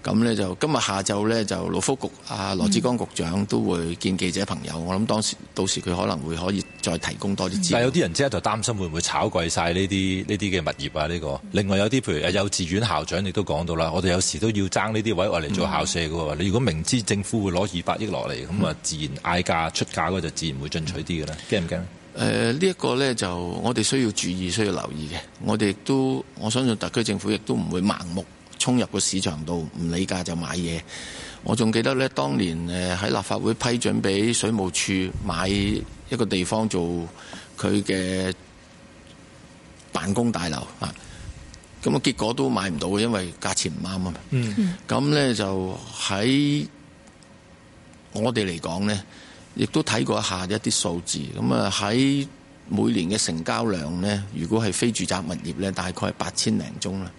咁、嗯、咧就今日下晝咧就勞福局阿、啊、羅志剛局長都會見記者朋友，我諗當時到時佢可能會可以再提供多啲資料。但係有啲人即刻就擔心會唔會炒貴晒呢啲呢啲嘅物業啊？呢、這個另外有啲譬如幼稚園校長亦都講到啦，我哋有時都要爭呢啲位我嚟做校舍嘅你、嗯、如果明知政府會攞二百億落嚟，咁啊自然嗌價出價嗰就自然會進取啲嘅咧，驚唔驚？怕誒呢一個呢，就我哋需要注意、需要留意嘅。我哋都我相信特區政府亦都唔會盲目衝入個市場度，唔理價就買嘢。我仲記得呢，當年誒喺、呃、立法會批准俾水務處買一個地方做佢嘅辦公大樓啊。咁啊，結果都買唔到，因為價錢唔啱啊嘛。咁、嗯、呢就喺我哋嚟講呢。亦都睇過一下一啲數字，咁啊喺每年嘅成交量呢，如果係非住宅物業呢，大概係八千零宗啦。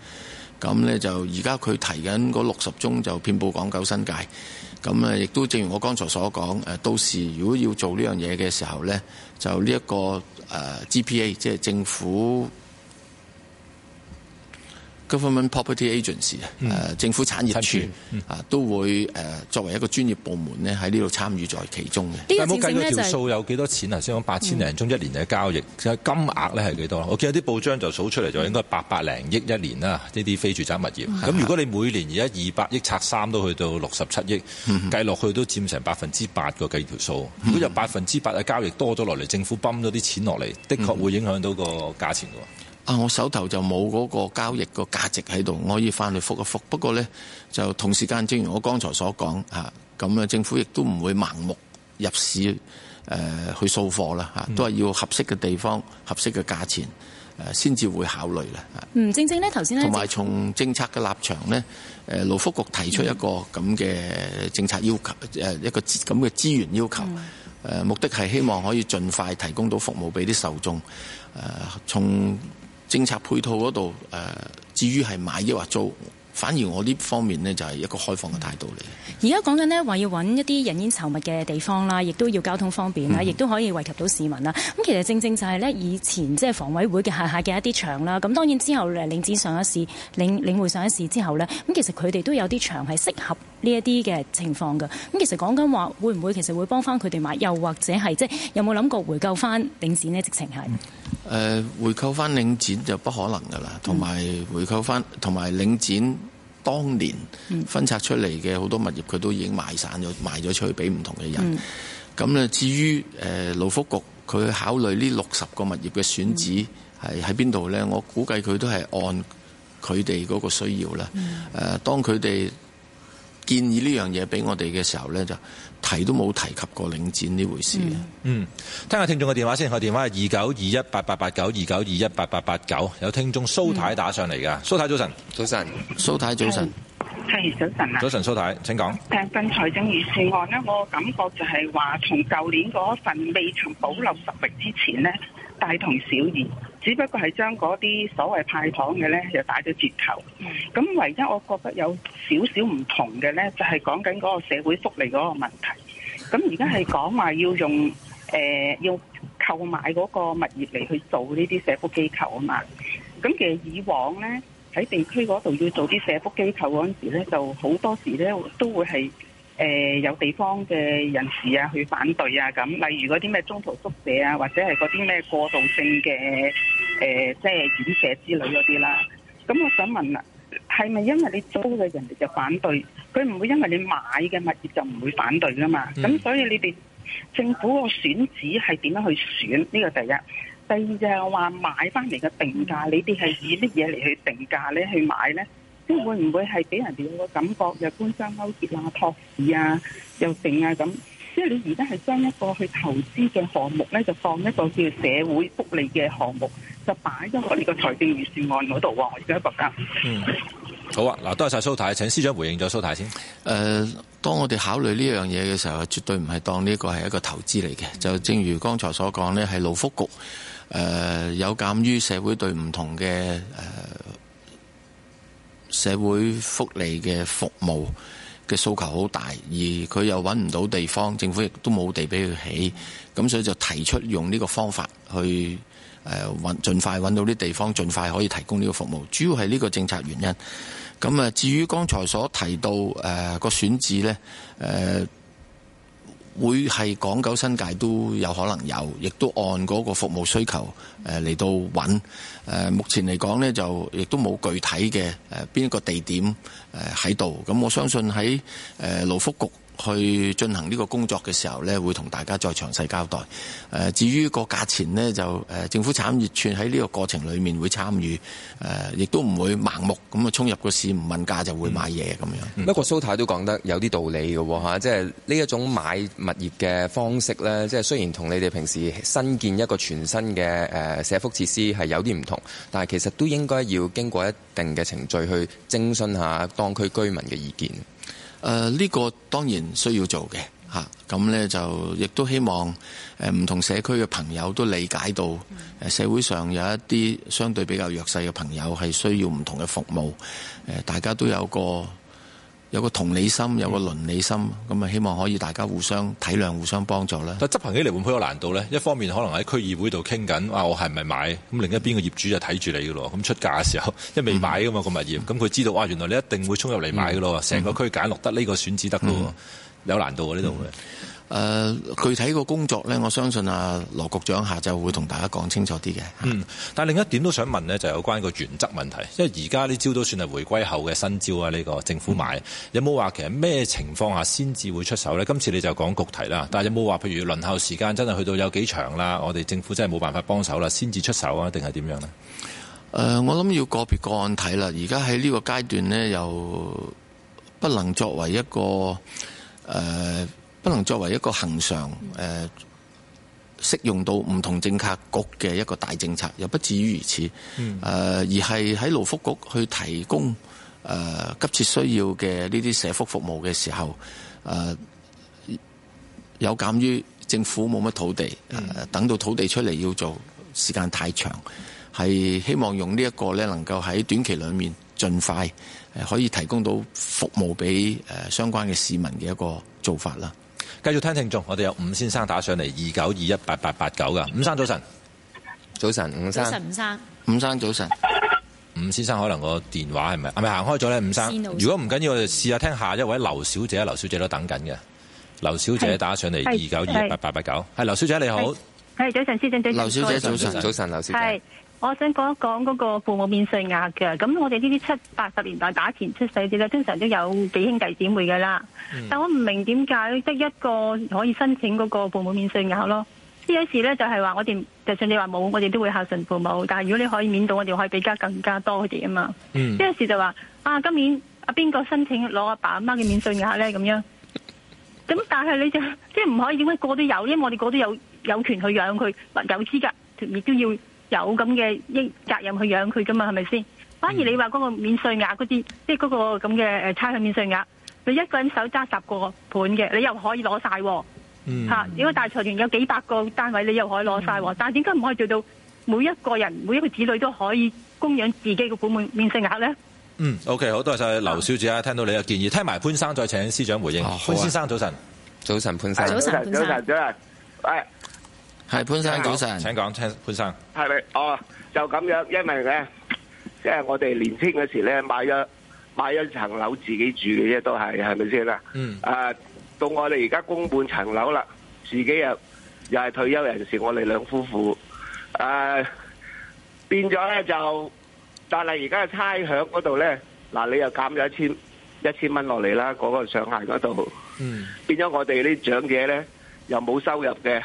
咁呢就而家佢提緊嗰六十宗就遍佈港九新界。咁啊，亦都正如我剛才所講，誒到時如果要做呢樣嘢嘅時候呢，就呢一個 GPA，即係政府。Government Property Agency 啊，誒政府產業署啊，都會誒作為一個專業部門咧，喺呢度參與在其中嘅。但係冇計佢條數有幾多錢啊？先講八千零宗一年嘅交易，其實金額咧係幾多？我見有啲報章就數出嚟，就應該八百零億一年啦。呢啲非住宅物業，咁如果你每年而家二百億拆三，都去到六十七億，計落去都佔成百分之八個計條數。如果就百分之八嘅交易多咗落嚟，政府泵咗啲錢落嚟，的確會影響到個價錢㗎喎。啊！我手頭就冇嗰個交易個價值喺度，我可以翻去復一復。不過呢，就同時間正如我剛才所講嚇，咁啊，樣政府亦都唔會盲目入市誒、呃、去掃貨啦嚇，都係要合適嘅地方、合適嘅價錢先至、呃、會考慮啦嚇。嗯，正正呢頭先，同埋從政策嘅立場呢，誒勞福局提出一個咁嘅政策要求、嗯、一個咁嘅資源要求、嗯呃、目的係希望可以盡快提供到服務俾啲受眾誒、呃，從政策配套嗰度，誒，至於係買抑或租。反而我呢方面呢，就係、是、一個開放嘅態度嚟。而家講緊呢話，要揾一啲人煙稠密嘅地方啦，亦都要交通方便啦，亦、嗯、都可以惠及到市民啦。咁其實正正就係呢，以前即係房委會嘅下下嘅一啲場啦。咁當然之後領展上一市，領領匯上一市之後呢，咁其實佢哋都有啲場係適合呢一啲嘅情況嘅。咁其實講緊話會唔會，其實，他們其實說說會，會其實幫翻佢哋買，又或者係即係有冇諗過回購翻領展呢？直情係誒回購翻領展就不可能噶啦，同埋回購翻同埋領展。當年分拆出嚟嘅好多物業，佢都已經賣散咗，賣咗出去俾唔同嘅人。咁、嗯、咧，至於誒勞福局，佢考慮呢六十個物業嘅選址係喺邊度呢？我估計佢都係按佢哋嗰個需要啦。誒、嗯，當佢哋建議呢樣嘢俾我哋嘅時候呢，就。提都冇提及過領展呢回事。嗯，嗯，聽下聽眾嘅電話先。個電話係二九二一八八八九，二九二一八八八九。有聽眾蘇太，太打上嚟㗎、嗯。蘇太早晨，早晨，蘇太早晨，係早晨啊，早晨，蘇太請講。訂份財政預算案呢，我感覺就係話，從舊年嗰份未曾保留實力之前呢，大同小異。只不過係將嗰啲所謂派糖嘅咧，又打咗折扣。咁唯一我覺得有少少唔同嘅咧，就係講緊嗰個社會福利嗰個問題。咁而家係講話要用誒，要購買嗰個物業嚟去做呢啲社福機構啊嘛。咁其實以往咧喺地區嗰度要做啲社福機構嗰陣時咧，就好多時咧都會係。誒、呃、有地方嘅人士啊，去反對啊咁，例如嗰啲咩中途宿舍啊，或者係嗰啲咩過渡性嘅誒、呃，即係院舍之類嗰啲啦。咁我想問啦，係咪因為你租嘅人哋就反對？佢唔會因為你買嘅物業就唔會反對㗎嘛。咁所以你哋政府個選址係點樣去選？呢、這個第一。第二就係話買翻嚟嘅定價，你哋係以乜嘢嚟去定價咧？去買咧？即係會唔會係俾人哋有個感覺，又官商勾結啊、托市啊、又剩啊咁？即係你而家係將一個去投資嘅項目咧，就當一個叫社會福利嘅項目，就擺喺我哋個財政預算案嗰度啊！我而家喺度講。嗯，好啊，嗱，多謝蘇太，請司長回應咗蘇太先。誒、呃，當我哋考慮呢樣嘢嘅時候，絕對唔係當呢個係一個投資嚟嘅。就正如剛才所講咧，係勞福局誒、呃、有鑒於社會對唔同嘅誒。呃社會福利嘅服務嘅訴求好大，而佢又揾唔到地方，政府亦都冇地俾佢起，咁所以就提出用呢個方法去誒盡快揾到啲地方，盡快可以提供呢個服務。主要係呢個政策原因。咁啊，至於剛才所提到誒個選址呢。誒。會係港九新界都有可能有，亦都按嗰個服務需求誒嚟、呃、到揾誒、呃。目前嚟講呢，就亦都冇具體嘅誒邊一個地點誒喺度。咁、呃、我相信喺誒勞福局，去進行呢個工作嘅時候呢，會同大家再詳細交代。呃、至於個價錢呢，就誒、呃、政府產業串喺呢個過程裏面會參與。亦、呃、都唔會盲目咁啊衝入個市唔問價就會買嘢咁、嗯、樣。不過蘇太都講得有啲道理嘅嚇，即係呢一種買物業嘅方式呢，即、就、係、是、雖然同你哋平時新建一個全新嘅誒社福設施係有啲唔同，但係其實都應該要經過一定嘅程序去徵詢下當區居民嘅意見。誒、這、呢個當然需要做嘅吓，咁呢，就亦都希望唔同社區嘅朋友都理解到，社會上有一啲相對比較弱勢嘅朋友係需要唔同嘅服務，大家都有個。有個同理心，有個倫理心，咁、嗯、啊希望可以大家互相體諒、互相幫助啦。但執行起嚟會唔會有難度咧？一方面可能喺區議會度傾緊，啊我係唔係買？咁另一邊個業主就睇住你嘅咯。咁出價嘅時候，因為未買㗎嘛個物業，咁、嗯、佢、嗯、知道啊，原來你一定會衝入嚟買嘅咯。成、嗯、個區揀落得呢個選址得嘅喎、嗯，有難度嘅呢度嘅。嗯誒，具體個工作呢，我相信阿羅局長下晝會同大家講清楚啲嘅。嗯，但另一點都想問呢，就有關個原則問題，因為而家呢招都算係回歸後嘅新招啊，呢、這個政府買、嗯、有冇話其實咩情況下先至會出手呢？今次你就講局提啦，但係有冇話譬如輪候時間真係去到有幾長啦，我哋政府真係冇辦法幫手啦，先至出手啊，定係點樣呢？誒、呃，我諗要個別個案睇啦。而家喺呢個階段呢，又不能作為一個誒。呃不能作為一個恒常誒、呃、適用到唔同政策局嘅一個大政策，又不至於如此。誒、呃、而係喺勞福局去提供誒、呃、急切需要嘅呢啲社福服務嘅時候，誒、呃、有鑑於政府冇乜土地、呃，等到土地出嚟要做，時間太長，係希望用呢一個能夠喺短期裏面盡快誒可以提供到服務俾相關嘅市民嘅一個做法啦。繼續聽聽眾，我哋有伍先生打上嚟，二九二一八八八九噶，伍生早晨，早晨，伍生，早晨，伍生，伍生早晨，伍先生可能個電話係咪係咪行開咗咧？伍生，如果唔緊要，我哋試下聽下一位劉小姐，劉小姐都等緊嘅，劉小姐打上嚟，二九二一八八八九，係劉小姐你好，係早晨，先生，早晨，劉小姐早晨，早晨，劉小姐。我想講一講嗰個父母免稅額嘅。咁我哋呢啲七八十年代打前出世啲咧，通常都有幾兄弟姊妹噶啦，嗯。但我唔明點解得一個可以申請嗰個父母免稅額咯？呢有時咧就係話我哋，就算你話冇，我哋都會孝順父母。但係如果你可以免到，我哋可以俾家更加多佢哋啊嘛。呢有時就話啊，今年阿邊個申請攞阿爸阿媽嘅免稅額咧咁樣？咁但係你就即係唔可以點解個個都有？因為我哋個個都有有權去養佢，有資格亦都要。有咁嘅應責任去養佢噶嘛，係咪先？反而你話嗰個免稅額嗰啲，即係嗰個咁嘅誒差餉免稅額，你一個人手揸十個盤嘅，你又可以攞晒，吓、嗯！如果大財團有幾百個單位，你又可以攞晒、嗯。但係點解唔可以做到每一個人每一個子女都可以供養自己嘅款免免稅額咧？嗯，OK，好多謝劉小姐啊！聽到你嘅建議，聽埋潘生再請司長回應。哦啊、潘先生早晨，早晨潘生，早晨早晨，早晨，係潘生早晨，請講，青潘生係咪？哦，就咁樣，因為咧，即係我哋年輕嗰時咧，買咗買咗層樓自己住嘅啫，都係，係咪先啦？嗯，啊，到我哋而家供半層樓啦，自己又又係退休人士，我哋兩夫婦誒，變咗咧就，但係而家嘅差餉嗰度咧，嗱，你又減咗一千一千蚊落嚟啦，嗰個上限嗰度，嗯，變咗我哋呢長者咧又冇收入嘅。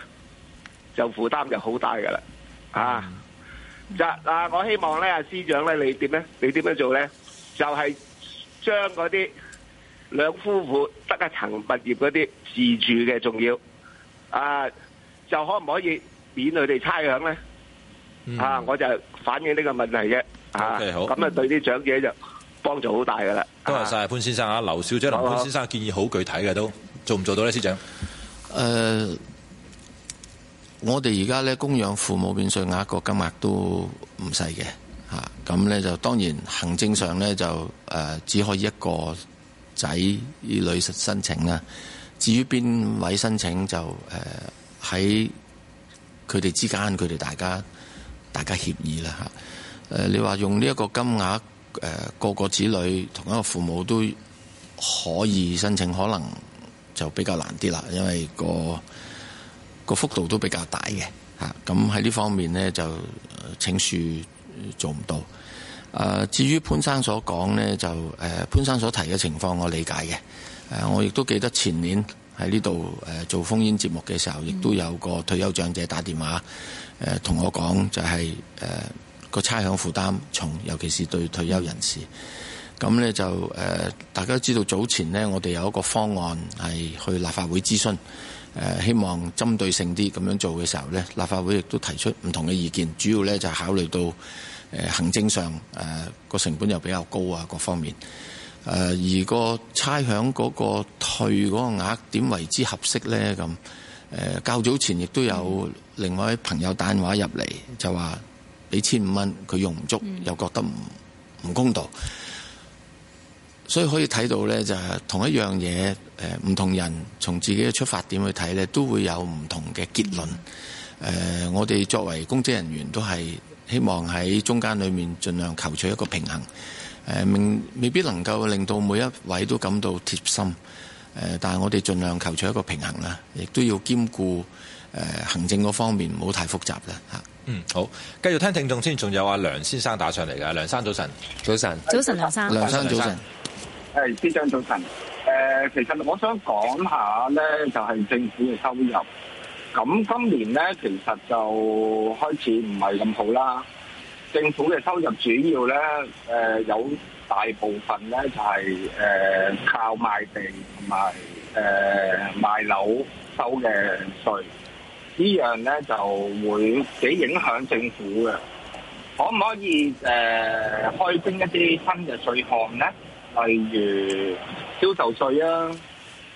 就負擔就好大嘅啦，啊嗯啊就是，啊！就嗱，我希望咧，司長咧，你點咧？你點樣做咧？就係將嗰啲兩夫婦得一層物業嗰啲自住嘅，仲要啊，就可唔可以免佢哋差餉咧？啊，我就反映呢個問題啫，okay。啊，咁啊，對啲長者就幫助好大嘅啦。多謝晒潘先生啊，劉小姐、林潘先生建議好具體嘅都做唔做到咧，司長？誒、uh。我哋而家呢，供養父母免稅額個金額都唔細嘅嚇，咁呢，就當然行政上呢，就誒只可以一個仔女申請啦。至於邊位申請就誒喺佢哋之間，佢哋大家大家協議啦嚇。誒你話用呢一個金額誒個個子女同一個父母都可以申請，可能就比較難啲啦，因為個。個幅度都比較大嘅嚇，咁喺呢方面呢，就請恕做唔到。至於潘生所講呢，就誒潘生所提嘅情況，我理解嘅。我亦都記得前年喺呢度誒做烽煙節目嘅時候，亦都有個退休長者打電話同、嗯、我講、就是，就係誒個差餉負擔重，尤其是對退休人士。咁呢，就、呃、誒，大家都知道早前呢，我哋有一個方案係去立法會諮詢。誒希望針對性啲咁樣做嘅時候呢，立法會亦都提出唔同嘅意見，主要呢，就考慮到、呃、行政上誒個、呃、成本又比較高啊，各方面誒、呃、而個差響嗰個退嗰個額點為之合適呢？咁、呃、誒，較早前亦都有另外一位朋友打電話入嚟，就話俾千五蚊佢用唔足，又覺得唔唔公道。所以可以睇到呢，就係同一樣嘢，呃、唔同人從自己嘅出發點去睇呢，都會有唔同嘅結論。呃、我哋作為公職人員，都係希望喺中間裏面盡量求取一個平衡。呃、未未必能夠令到每一位都感到貼心。呃、但係我哋盡量求取一個平衡啦，亦都要兼顧、呃、行政嗰方面，唔好太複雜啦。嚇，嗯，好，繼續聽聽眾先。仲有阿梁先生打上嚟㗎。梁先生早晨，早晨，早晨，早晨梁先生，梁先生，梁先生早晨。係，司長早晨。誒，其實我想講下咧，就係政府嘅收入。咁今年咧，其實就開始唔係咁好啦。政府嘅收入主要咧，誒有大部分咧就係誒靠賣地同埋誒賣樓收嘅稅。呢樣咧就會幾影響政府嘅。可唔可以誒開徵一啲新嘅稅項咧？例如銷售稅啊，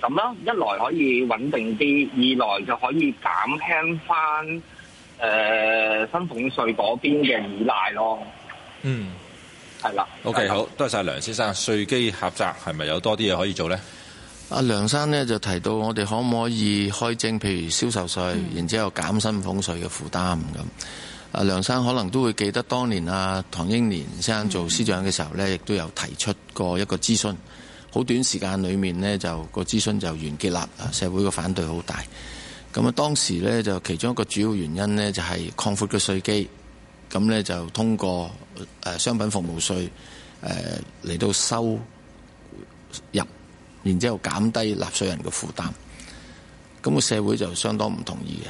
咁啦，一來可以穩定啲，二來就可以減輕翻誒薪俸稅嗰邊嘅依賴咯。嗯，係啦。OK，好，多謝梁先生。稅基狹窄係咪有多啲嘢可以做咧？阿梁生咧就提到，我哋可唔可以開徵，譬如銷售稅，然之後減薪俸稅嘅負擔咁。阿梁生可能都會記得，當年、啊、唐英年生做司長嘅時候呢，亦都有提出過一個諮詢。好短時間裏面呢，那個、諮詢就個諮詢就完結啦。社會個反對好大。咁啊，當時呢，就其中一個主要原因呢，就係擴闊嘅稅基。咁呢，就通過商品服務稅誒嚟、呃、到收入，然之後減低納稅人嘅負擔。咁、那個社會就相當唔同意嘅。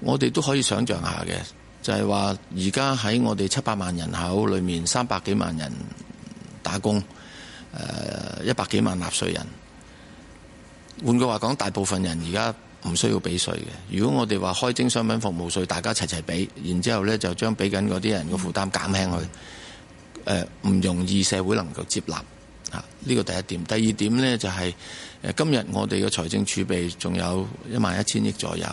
我哋都可以想象一下嘅。就係話，而家喺我哋七百萬人口裏面，三百幾萬人打工，一百幾萬納稅人。換句話講，大部分人而家唔需要俾稅嘅。如果我哋話開徵商品服務稅，大家齊齊俾，然之後呢就將俾緊嗰啲人嘅負擔減輕佢，唔容易社會能夠接納。呢個第一點。第二點呢，就係今日我哋嘅財政儲備仲有一萬一千億左右。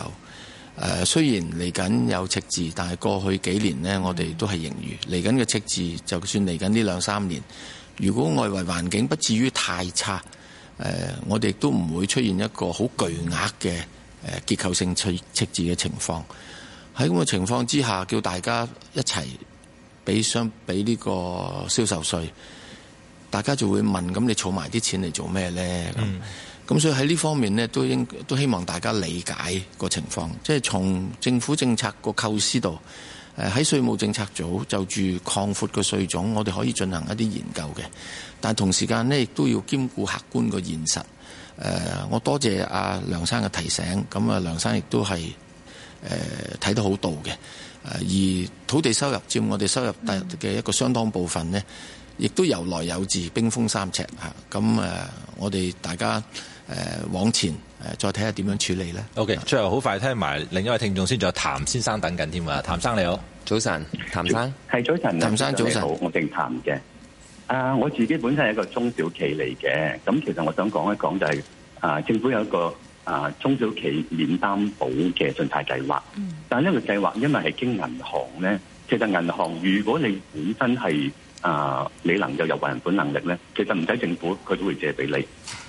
誒雖然嚟緊有赤字，但係過去幾年呢，我哋都係盈餘。嚟緊嘅赤字，就算嚟緊呢兩三年，如果外圍環境不至於太差，誒，我哋都唔會出現一個好巨額嘅結構性赤字嘅情況。喺咁嘅情況之下，叫大家一齊俾相俾呢個銷售稅，大家就會問：咁你儲埋啲錢嚟做咩呢？嗯咁所以喺呢方面呢，都應都希望大家理解個情況，即係從政府政策個構思度，誒、呃，喺稅務政策組就住擴闊嘅稅種，我哋可以進行一啲研究嘅。但同時間呢，亦都要兼顧客觀個現實。誒、呃，我多謝阿、啊、梁生嘅提醒。咁、呃、啊，梁生亦都係誒睇得好到嘅。誒、呃，而土地收入佔我哋收入大嘅一個相當部分呢，亦、嗯、都由來有自，冰封三尺吓。咁、啊、誒、呃，我哋大家。誒，往前誒，再睇下點樣處理咧？OK，最後好快聽埋另一位聽眾先，仲有譚先生等緊添啊！譚生你好，早晨，譚生係早晨，譚生早晨，我姓譚嘅。啊，我自己本身係一個中小企嚟嘅，咁其實我想講一講就係、是、啊，政府有一個啊中小企免擔保嘅信貸計劃。但係呢個計劃因為係經銀行咧，其實銀行如果你本身係啊你能夠有還本能力咧，其實唔使政府，佢都會借俾你。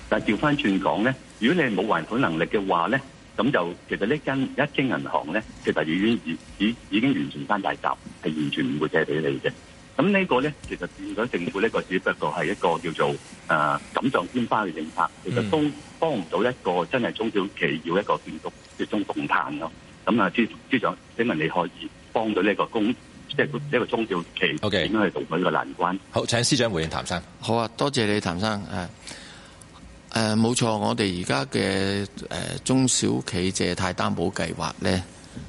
但係調翻轉講咧，如果你冇還款能力嘅話咧，咁就其實呢間一經銀行咧，其實已經已已已經完全翻大閘，係完全唔會借俾你嘅。咁呢個咧，其實變咗政府呢個只不過係一個叫做誒錦上添花嘅政策，嗯、其實都幫唔到一個真係中小企要一個建築一終動彈咯。咁啊，司司長，請問你可以幫到呢個公即係呢個中小企點樣去渡過呢個難關？Okay. 好，請司長回應譚生。好啊，多謝你，譚生。誒冇錯，我哋而家嘅誒中小企借貸擔保計劃呢，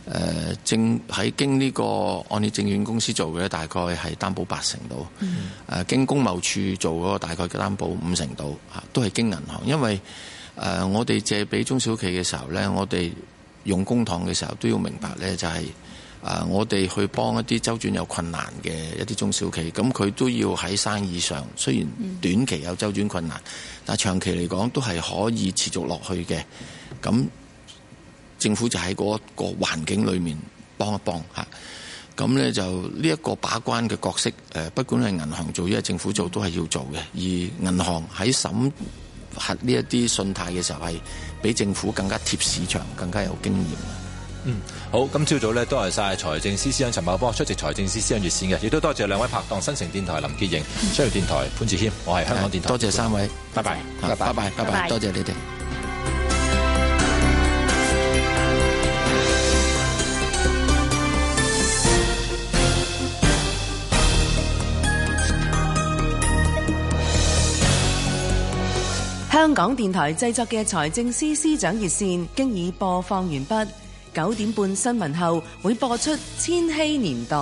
誒正喺經呢個按揭證券公司做嘅，大概係擔保八成到；誒、嗯、經工貿署做嗰個大概嘅擔保五成到，都係經銀行。因為誒我哋借俾中小企嘅時候呢，我哋用公帑嘅時候都要明白呢，就係啊，我哋去幫一啲周轉有困難嘅一啲中小企，咁佢都要喺生意上雖然短期有周轉困難。嗯但長期嚟講都係可以持續落去嘅，咁政府就喺嗰個環境裏面幫一幫嚇。咁呢就呢一個把關嘅角色，誒不管係銀行做，因為政府做都係要做嘅。而銀行喺審核呢一啲信貸嘅時候，係比政府更加貼市場，更加有經驗。嗯，好，今朝早呢多謝晒財政司司長陳茂波出席財政司司長熱線嘅，亦都多謝兩位拍檔，新城電台林潔瑩、商、嗯、業電台潘志謙，我係香港電台。多謝三位謝拜拜，拜拜，拜拜，拜拜，多謝你哋。香港電台製作嘅財政司司長熱線，經已播放完畢。九點半新聞後會播出《千禧年代》。